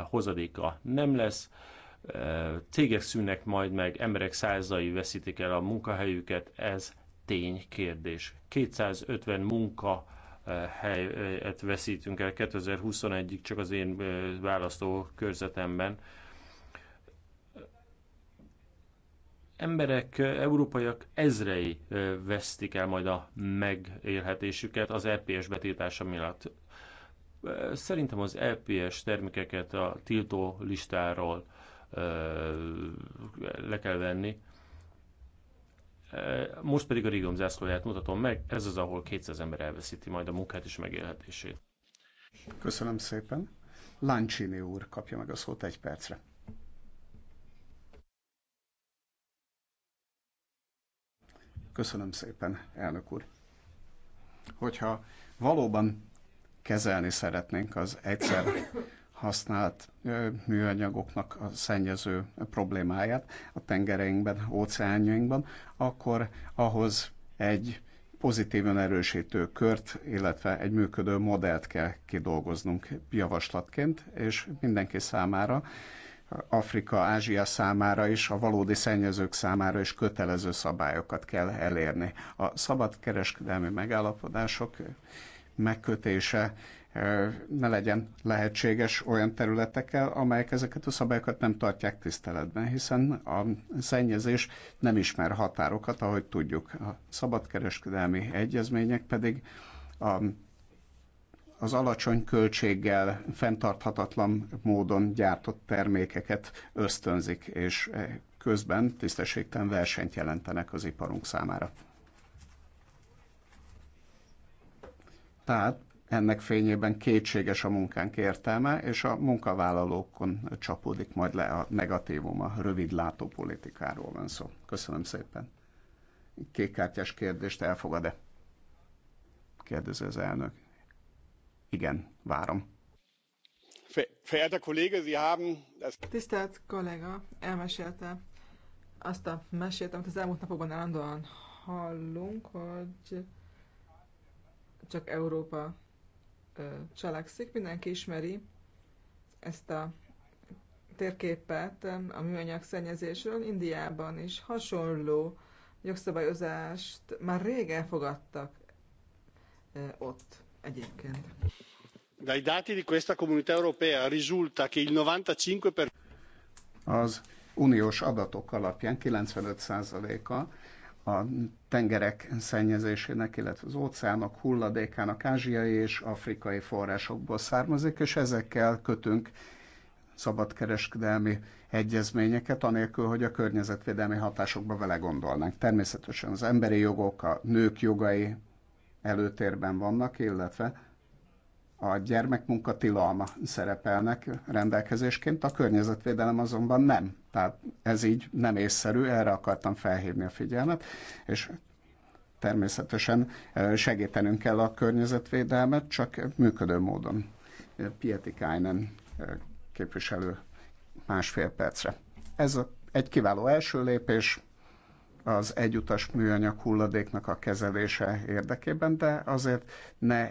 hozadéka nem lesz cégek szűnnek majd meg, emberek százai veszítik el a munkahelyüket, ez tény kérdés. 250 munka helyet veszítünk el 2021-ig csak az én választó körzetemben. Emberek, európaiak ezrei vesztik el majd a megélhetésüket az EPS betiltása miatt. Szerintem az LPS termékeket a tiltó listáról le kell venni most pedig a régióm zászlóját mutatom meg, ez az, ahol 200 ember elveszíti majd a munkát és megélhetését. Köszönöm szépen. Láncsini úr kapja meg a szót egy percre. Köszönöm szépen, elnök úr. Hogyha valóban kezelni szeretnénk az egyszer használt műanyagoknak a szennyező problémáját a tengereinkben, óceánjainkban, akkor ahhoz egy pozitívan erősítő kört, illetve egy működő modellt kell kidolgoznunk javaslatként, és mindenki számára, Afrika, Ázsia számára is, a valódi szennyezők számára is kötelező szabályokat kell elérni. A szabadkereskedelmi megállapodások megkötése ne legyen lehetséges olyan területekkel, amelyek ezeket a szabályokat nem tartják tiszteletben, hiszen a szennyezés nem ismer határokat, ahogy tudjuk. A szabadkereskedelmi egyezmények pedig a, az alacsony költséggel fenntarthatatlan módon gyártott termékeket ösztönzik, és közben tisztességtelen versenyt jelentenek az iparunk számára. Tehát ennek fényében kétséges a munkánk értelme, és a munkavállalókon csapódik majd le a negatívum, a rövidlátó politikáról van szó. Köszönöm szépen. Kékkártyás kérdést elfogad-e? Kérdező az elnök. Igen, várom. Verehrter Kollege, Sie haben das... Tisztelt kollega, elmesélte azt a mesét, amit az elmúlt napokban állandóan hallunk, hogy csak Európa cselekszik. Mindenki ismeri ezt a térképet a műanyag szennyezésről. Indiában is hasonló jogszabályozást már régen fogadtak ott egyébként. Dai dati di questa comunità europea risulta che il 95 per... Az uniós adatok alapján 95%-a a tengerek szennyezésének, illetve az óceánok hulladékának ázsiai és afrikai forrásokból származik, és ezekkel kötünk szabadkereskedelmi egyezményeket, anélkül, hogy a környezetvédelmi hatásokba vele gondolnánk. Természetesen az emberi jogok, a nők jogai előtérben vannak, illetve a gyermekmunka tilalma szerepelnek rendelkezésként, a környezetvédelem azonban nem tehát ez így nem észszerű, erre akartam felhívni a figyelmet, és természetesen segítenünk kell a környezetvédelmet, csak működő módon. Pieti Kájnen képviselő másfél percre. Ez egy kiváló első lépés az egyutas műanyag hulladéknak a kezelése érdekében, de azért ne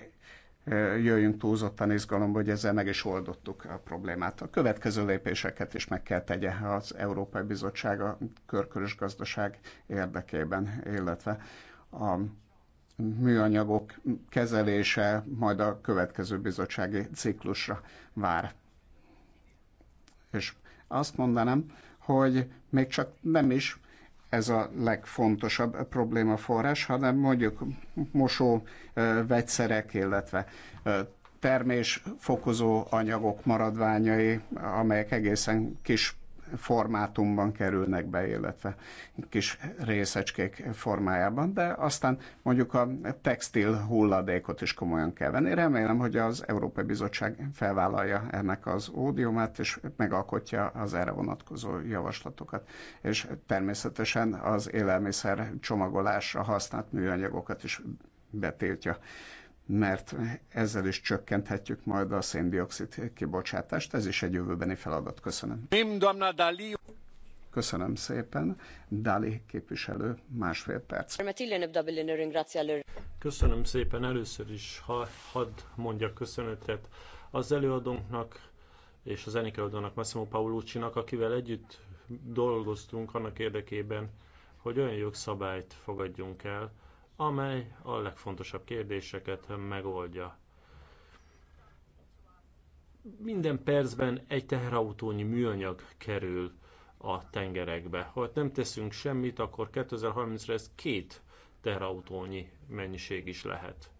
jöjjünk túlzottan izgalomba, hogy ezzel meg is oldottuk a problémát. A következő lépéseket is meg kell tegye az Európai Bizottság a körkörös gazdaság érdekében, illetve a műanyagok kezelése majd a következő bizottsági ciklusra vár. És azt mondanám, hogy még csak nem is ez a legfontosabb problémaforrás, hanem mondjuk mosó vegyszerek, illetve termésfokozó anyagok maradványai, amelyek egészen kis formátumban kerülnek be, illetve kis részecskék formájában, de aztán mondjuk a textil hulladékot is komolyan kell venni. Remélem, hogy az Európai Bizottság felvállalja ennek az ódiumát, és megalkotja az erre vonatkozó javaslatokat. És természetesen az élelmiszer csomagolásra használt műanyagokat is betiltja mert ezzel is csökkenthetjük majd a széndiokszid kibocsátást. Ez is egy jövőbeni feladat. Köszönöm. Köszönöm szépen. Dali képviselő, másfél perc. Köszönöm szépen. Először is ha, hadd mondjak köszönetet az előadónknak és az enik előadónak, Massimo Paulucci-nak, akivel együtt dolgoztunk annak érdekében, hogy olyan jogszabályt fogadjunk el, amely a legfontosabb kérdéseket megoldja. Minden percben egy teherautónyi műanyag kerül a tengerekbe. Ha nem teszünk semmit, akkor 2030-ra ez két teherautónyi mennyiség is lehet.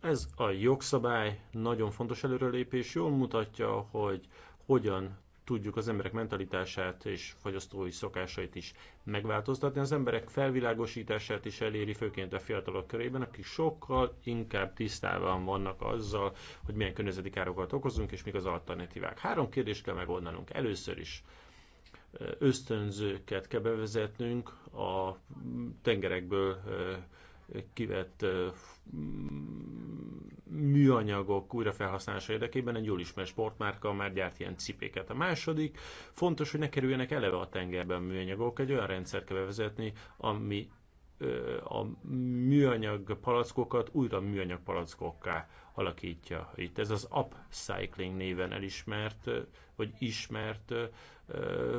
Ez a jogszabály nagyon fontos előrelépés, jól mutatja, hogy hogyan tudjuk az emberek mentalitását és fogyasztói szokásait is megváltoztatni. Az emberek felvilágosítását is eléri, főként a fiatalok körében, akik sokkal inkább tisztában vannak azzal, hogy milyen környezeti károkat okozunk, és mik az alternatívák. Három kérdést kell megoldanunk. Először is ösztönzőket kell bevezetnünk a tengerekből kivett mm, műanyagok újrafelhasználása érdekében egy jól ismert sportmárka már gyárt ilyen cipéket. A második, fontos, hogy ne kerüljenek eleve a tengerben a műanyagok, egy olyan rendszer kell bevezetni, ami a műanyag palackokat újra műanyag palackokká alakítja. Itt ez az upcycling néven elismert, vagy ismert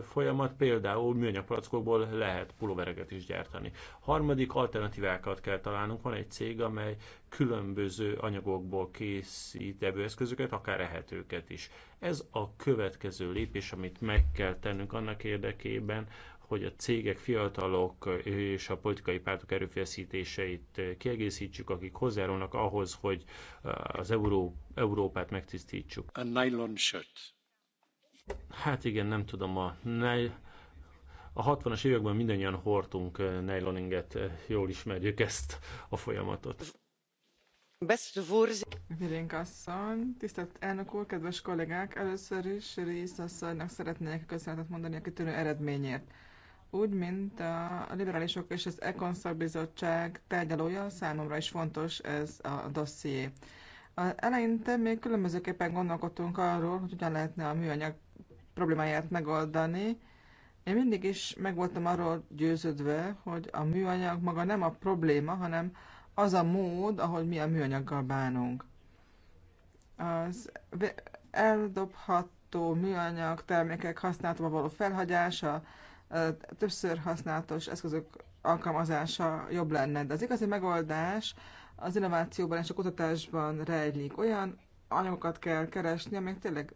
folyamat, például műanyagpalackokból lehet pulóvereket is gyártani. Harmadik alternatívákat kell találnunk. Van egy cég, amely különböző anyagokból készít eszközöket, akár ehetőket is. Ez a következő lépés, amit meg kell tennünk annak érdekében, hogy a cégek, fiatalok és a politikai pártok erőfeszítéseit kiegészítsük, akik hozzájárulnak ahhoz, hogy az Euró, Európát megtisztítsuk. A nylon shirt. Hát igen, nem tudom, a, a 60-as években mindannyian hordtunk eh, nejloninget, eh, jól ismerjük ezt a folyamatot. Virénk asszony, tisztelt elnök úr, kedves kollégák! Először is Rész asszonynak szeretnék köszönetet mondani a kitűnő eredményért. Úgy, mint a liberálisok és az Econ szakbizottság tárgyalója, számomra is fontos ez a dosszié. A eleinte még különbözőképpen gondolkodtunk arról, hogy hogyan lehetne a műanyag problémáját megoldani. Én mindig is meg voltam arról győződve, hogy a műanyag maga nem a probléma, hanem az a mód, ahogy mi a műanyaggal bánunk. Az eldobható műanyag termékek használatban való felhagyása, többször használatos eszközök alkalmazása jobb lenne. De az igazi megoldás az innovációban és a kutatásban rejlik. Olyan anyagokat kell keresni, amelyek tényleg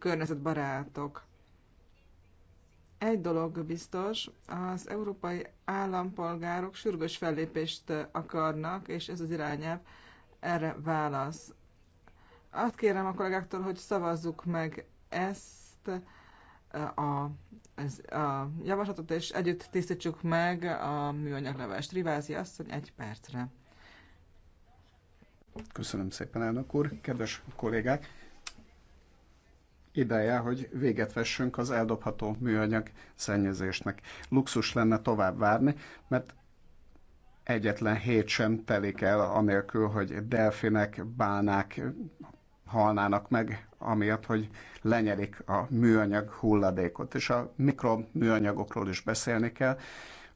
környezetbarátok. Egy dolog biztos, az európai állampolgárok sürgős fellépést akarnak, és ez az irányelv erre válasz. Azt kérem a kollégáktól, hogy szavazzuk meg ezt a, ez, a javaslatot, és együtt tisztítsuk meg a műanyaglevest. Rivázi asszony egy percre. Köszönöm szépen, elnök úr. Kedves kollégák! ideje, hogy véget vessünk az eldobható műanyag szennyezésnek. Luxus lenne tovább várni, mert egyetlen hét sem telik el, anélkül, hogy delfinek, bánák halnának meg, amiatt, hogy lenyelik a műanyag hulladékot. És a mikroműanyagokról is beszélni kell,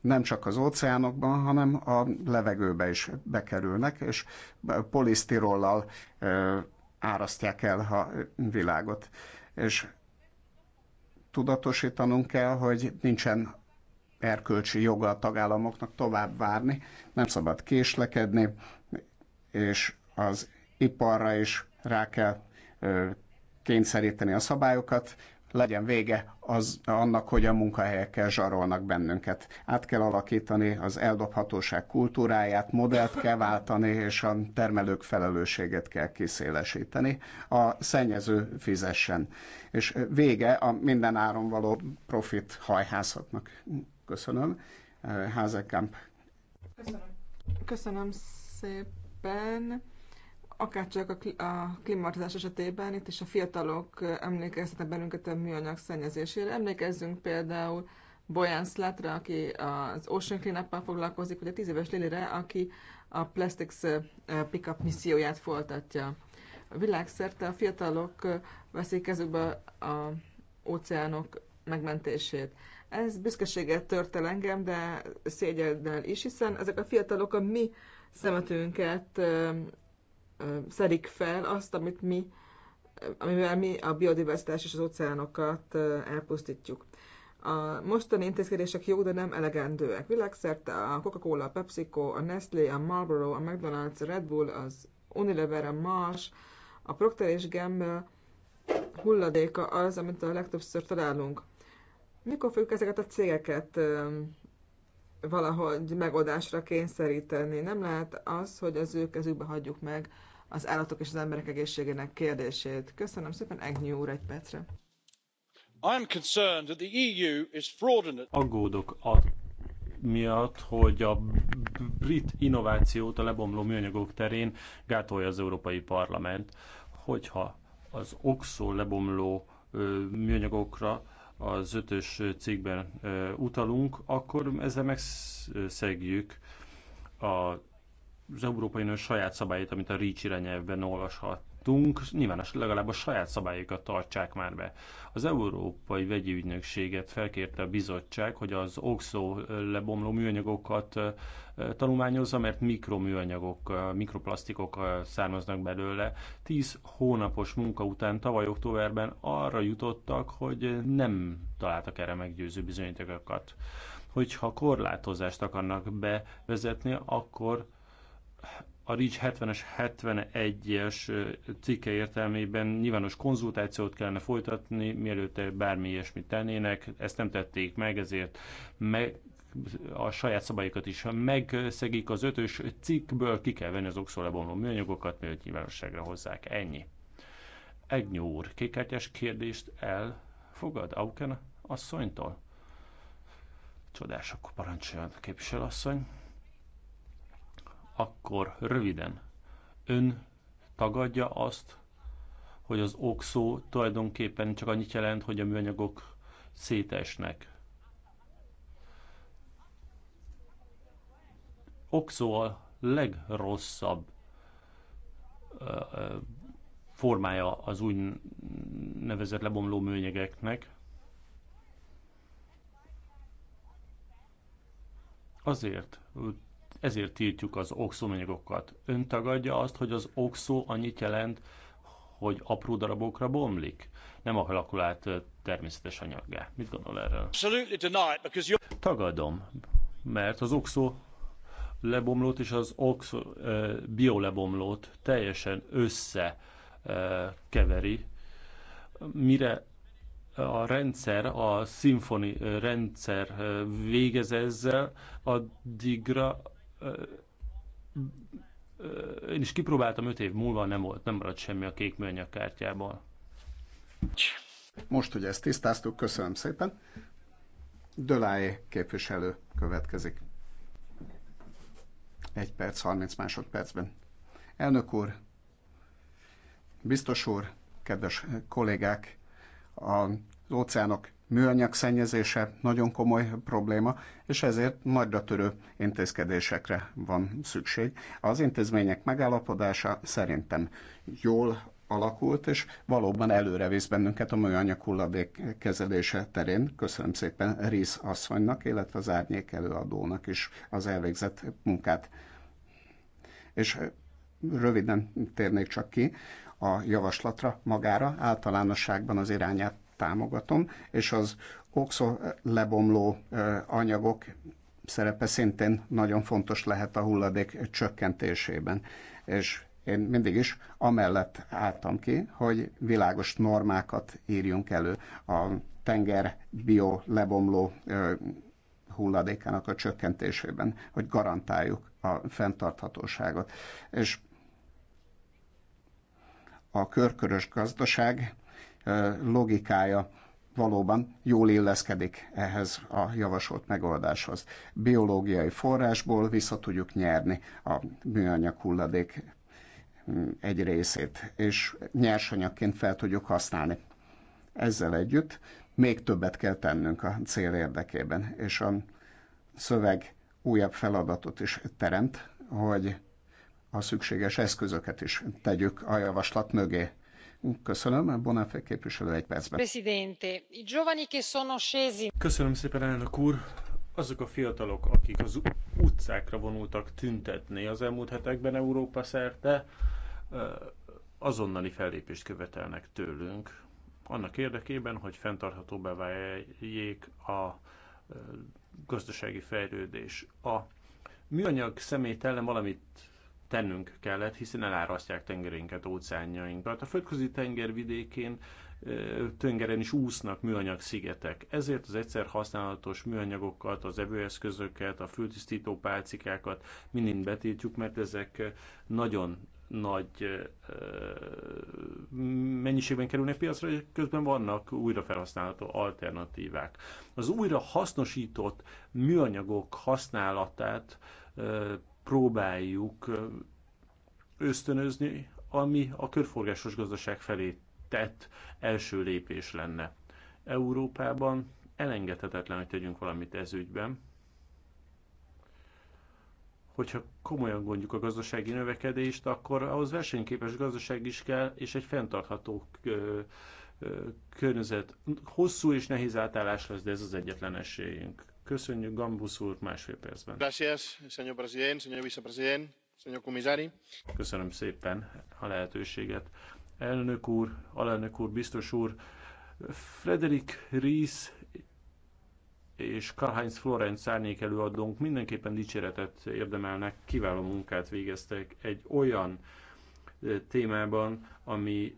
nem csak az óceánokban, hanem a levegőbe is bekerülnek, és polisztirollal árasztják el a világot és tudatosítanunk kell, hogy nincsen erkölcsi joga a tagállamoknak tovább várni, nem szabad késlekedni, és az iparra is rá kell kényszeríteni a szabályokat, legyen vége az annak, hogy a munkahelyekkel zsarolnak bennünket. Át kell alakítani az eldobhatóság kultúráját, modellt kell váltani, és a termelők felelősséget kell kiszélesíteni. A szennyező fizessen. És vége a minden áron való profit hajházatnak Köszönöm. Házekamp. Köszönöm. Köszönöm szépen akárcsak a, a klímaváltozás esetében, itt is a fiatalok emlékeztetnek bennünket a műanyag szennyezésére. Emlékezzünk például Boyan Slatra, aki az Ocean cleanup foglalkozik, vagy a tíz éves Lilire, aki a Plastics Pickup misszióját folytatja. A világszerte a fiatalok veszik kezükbe a óceánok megmentését. Ez büszkeséget tört el engem, de szégyeldel is, hiszen ezek a fiatalok a mi szemetünket szedik fel azt, amit mi, amivel mi a biodiversitás és az óceánokat elpusztítjuk. A mostani intézkedések jó, de nem elegendőek. Világszerte a Coca-Cola, a PepsiCo, a Nestlé, a Marlboro, a McDonald's, a Red Bull, az Unilever, a Mars, a Procter és Gamble hulladéka az, amit a legtöbbször találunk. Mikor fogjuk ezeket a cégeket valahogy megoldásra kényszeríteni. Nem lehet az, hogy az ő kezükbe hagyjuk meg az állatok és az emberek egészségének kérdését. Köszönöm szépen, Egnyi úr, egy percre. I'm concerned that the EU is fraudulent. Aggódok a miatt, hogy a brit innovációt a lebomló műanyagok terén gátolja az Európai Parlament, hogyha az oxo lebomló műanyagokra az ötös cikkben utalunk, akkor ezzel megszegjük a, az Európai Unió saját szabályait, amit a REACH irányelvben olvashat, láttunk, nyilván legalább a saját szabályokat tartsák már be. Az Európai Vegyi Ügynökséget felkérte a bizottság, hogy az oxo lebomló műanyagokat tanulmányozza, mert mikroműanyagok, mikroplasztikok származnak belőle. Tíz hónapos munka után tavaly októberben arra jutottak, hogy nem találtak erre meggyőző bizonyítékokat. Hogyha korlátozást akarnak bevezetni, akkor a RICS 70-es, 71-es cikke értelmében nyilvános konzultációt kellene folytatni, mielőtt bármi ilyesmit tennének. Ezt nem tették meg, ezért meg a saját szabályokat is megszegik. Az ötös cikkből ki kell venni az oxolebomló műanyagokat, mielőtt nyilvánosságra hozzák. Ennyi. Egy úr, kékártyás kérdést elfogad Auken asszonytól? Csodás, akkor parancsoljon a képviselőasszony. Akkor röviden, ön tagadja azt, hogy az okszó tulajdonképpen csak annyit jelent, hogy a műanyagok szétesnek. Okszó a legrosszabb formája az úgynevezett lebomló műanyagoknak. Azért ezért tiltjuk az oxóanyagokat. Ön tagadja azt, hogy az oxó annyit jelent, hogy apró darabokra bomlik? Nem a halakulát természetes anyaggá. Mit gondol erről? Tagadom, mert az oxó lebomlót és az oxo, eh, biolebomlót teljesen össze keveri, mire a rendszer, a szimfoni rendszer végez ezzel, addigra én is kipróbáltam, öt év múlva nem volt, nem maradt semmi a kék műanyag kártyából. Most, hogy ezt tisztáztuk, köszönöm szépen. Dölájé képviselő következik. Egy perc, 30 másodpercben. Elnök úr, biztos úr, kedves kollégák, az óceánok műanyag szennyezése nagyon komoly probléma, és ezért nagyra törő intézkedésekre van szükség. Az intézmények megállapodása szerintem jól alakult, és valóban előre visz bennünket a műanyag hulladék kezelése terén. Köszönöm szépen Rész asszonynak, illetve az árnyék előadónak is az elvégzett munkát. És röviden térnék csak ki a javaslatra magára, általánosságban az irányát támogatom, és az oxo lebomló anyagok szerepe szintén nagyon fontos lehet a hulladék csökkentésében. És én mindig is amellett álltam ki, hogy világos normákat írjunk elő a tenger bio lebomló hulladékának a csökkentésében, hogy garantáljuk a fenntarthatóságot. És a körkörös gazdaság logikája valóban jól illeszkedik ehhez a javasolt megoldáshoz. Biológiai forrásból vissza tudjuk nyerni a műanyag hulladék mm, egy részét, és nyersanyagként fel tudjuk használni. Ezzel együtt még többet kell tennünk a cél érdekében, és a szöveg újabb feladatot is teremt, hogy a szükséges eszközöket is tegyük a javaslat mögé Köszönöm, Bonafé képviselő egy percben. Presidente, i giovani che sono scesi. Köszönöm szépen, elnök úr. Azok a fiatalok, akik az utcákra vonultak tüntetni az elmúlt hetekben Európa szerte, azonnali fellépést követelnek tőlünk, annak érdekében, hogy fenntarthatóbbá váljék a gazdasági fejlődés. A műanyag szemét ellen valamit tennünk kellett, hiszen elárasztják tengerénket, óceánjainkat. A földközi tenger vidékén tengeren is úsznak műanyag szigetek. Ezért az egyszer használatos műanyagokat, az evőeszközöket, a fültisztító pálcikákat mindent betiltjuk, mert ezek nagyon nagy mennyiségben kerülnek piacra, és közben vannak újrafelhasználható alternatívák. Az újra hasznosított műanyagok használatát próbáljuk ösztönözni, ami a körforgásos gazdaság felé tett első lépés lenne. Európában elengedhetetlen, hogy tegyünk valamit ez ügyben. Hogyha komolyan gondjuk a gazdasági növekedést, akkor ahhoz versenyképes gazdaság is kell, és egy fenntartható környezet. Hosszú és nehéz átállás lesz, de ez az egyetlen esélyünk. Köszönjük, Gambusz úr, másfél percben. Gracias, señor president, señor vicepresident, señor comisari. Köszönöm szépen a lehetőséget. Elnök úr, alelnök úr, biztos úr, Frederik Ries és Karl-Heinz Florenz árnyék előadónk mindenképpen dicséretet érdemelnek, kiváló munkát végeztek egy olyan témában, ami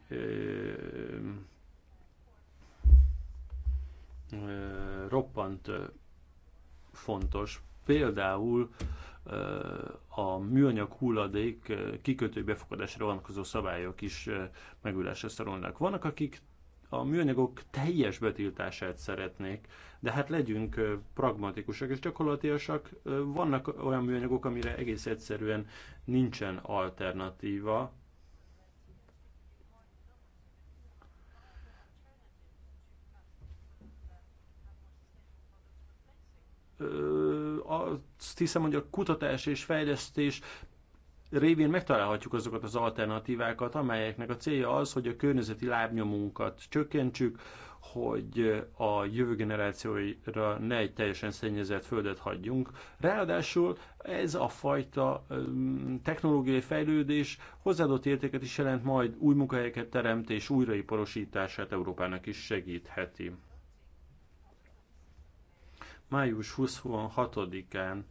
roppant fontos. Például a műanyag hulladék kikötő befogadásra vonatkozó szabályok is megülésre szorulnak. Vannak, akik a műanyagok teljes betiltását szeretnék, de hát legyünk pragmatikusak és gyakorlatilasak. Vannak olyan műanyagok, amire egész egyszerűen nincsen alternatíva, azt hiszem, hogy a kutatás és fejlesztés révén megtalálhatjuk azokat az alternatívákat, amelyeknek a célja az, hogy a környezeti lábnyomunkat csökkentsük, hogy a jövő generációira ne egy teljesen szennyezett földet hagyjunk. Ráadásul ez a fajta technológiai fejlődés hozzáadott értéket is jelent, majd új munkahelyeket teremt és újraiparosítását Európának is segítheti május 26-án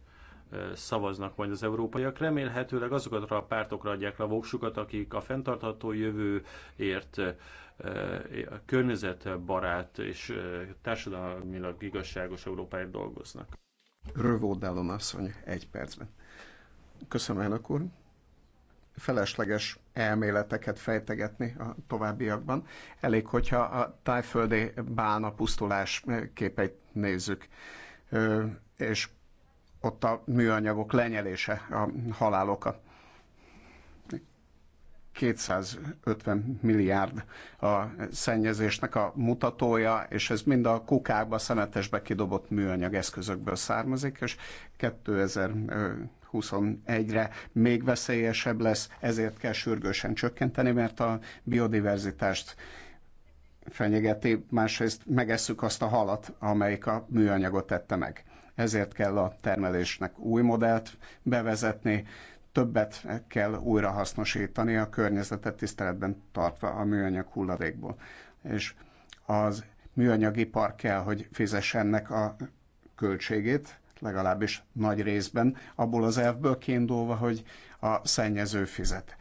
szavaznak majd az európaiak. Remélhetőleg azokatra a pártokra adják le a voksukat, akik a fenntartható jövőért a környezetbarát és társadalmilag igazságos Európáért dolgoznak. Rövódálon asszony, egy percben. Köszönöm, elnök úr. Felesleges elméleteket fejtegetni a továbbiakban. Elég, hogyha a tájföldi bána pusztulás képeit nézzük és ott a műanyagok lenyelése a haláloka. 250 milliárd a szennyezésnek a mutatója, és ez mind a kukákba, szemetesbe kidobott műanyag eszközökből származik, és 2021-re még veszélyesebb lesz, ezért kell sürgősen csökkenteni, mert a biodiverzitást fenyegeti, másrészt megesszük azt a halat, amelyik a műanyagot tette meg. Ezért kell a termelésnek új modellt bevezetni, többet kell újrahasznosítani a környezetet tiszteletben tartva a műanyag hulladékból. És az műanyagipar kell, hogy fizessenek a költségét, legalábbis nagy részben, abból az elvből kiindulva, hogy a szennyező fizet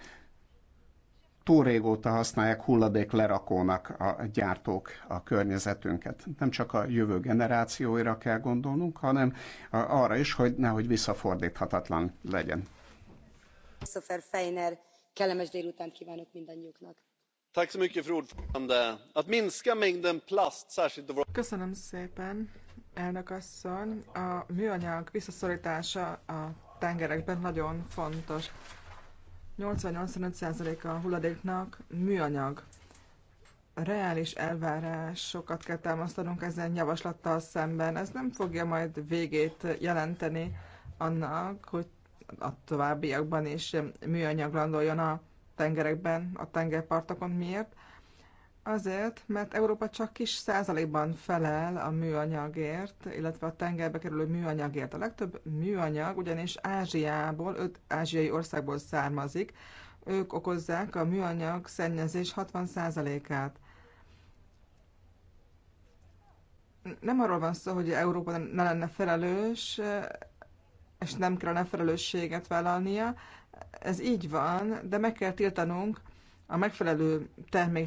túl régóta használják hulladék lerakónak a gyártók a környezetünket. Nem csak a jövő generációira kell gondolnunk, hanem arra is, hogy nehogy visszafordíthatatlan legyen. Szofer Feiner, kellemes délután kívánok mindannyiuknak. Köszönöm szépen, elnök asszony. A műanyag visszaszorítása a tengerekben nagyon fontos. 80-85%-a a hulladéknak műanyag. Reális elvárásokat kell támasztanunk ezen javaslattal szemben. Ez nem fogja majd végét jelenteni annak, hogy a továbbiakban is műanyag landoljon a tengerekben, a tengerpartokon. Miért? Azért, mert Európa csak kis százalékban felel a műanyagért, illetve a tengerbe kerülő műanyagért. A legtöbb műanyag ugyanis Ázsiából, öt ázsiai országból származik. Ők okozzák a műanyag szennyezés 60 százalékát. Nem arról van szó, hogy Európa ne lenne felelős, és nem kellene felelősséget vállalnia. Ez így van, de meg kell tiltanunk a megfelelő termék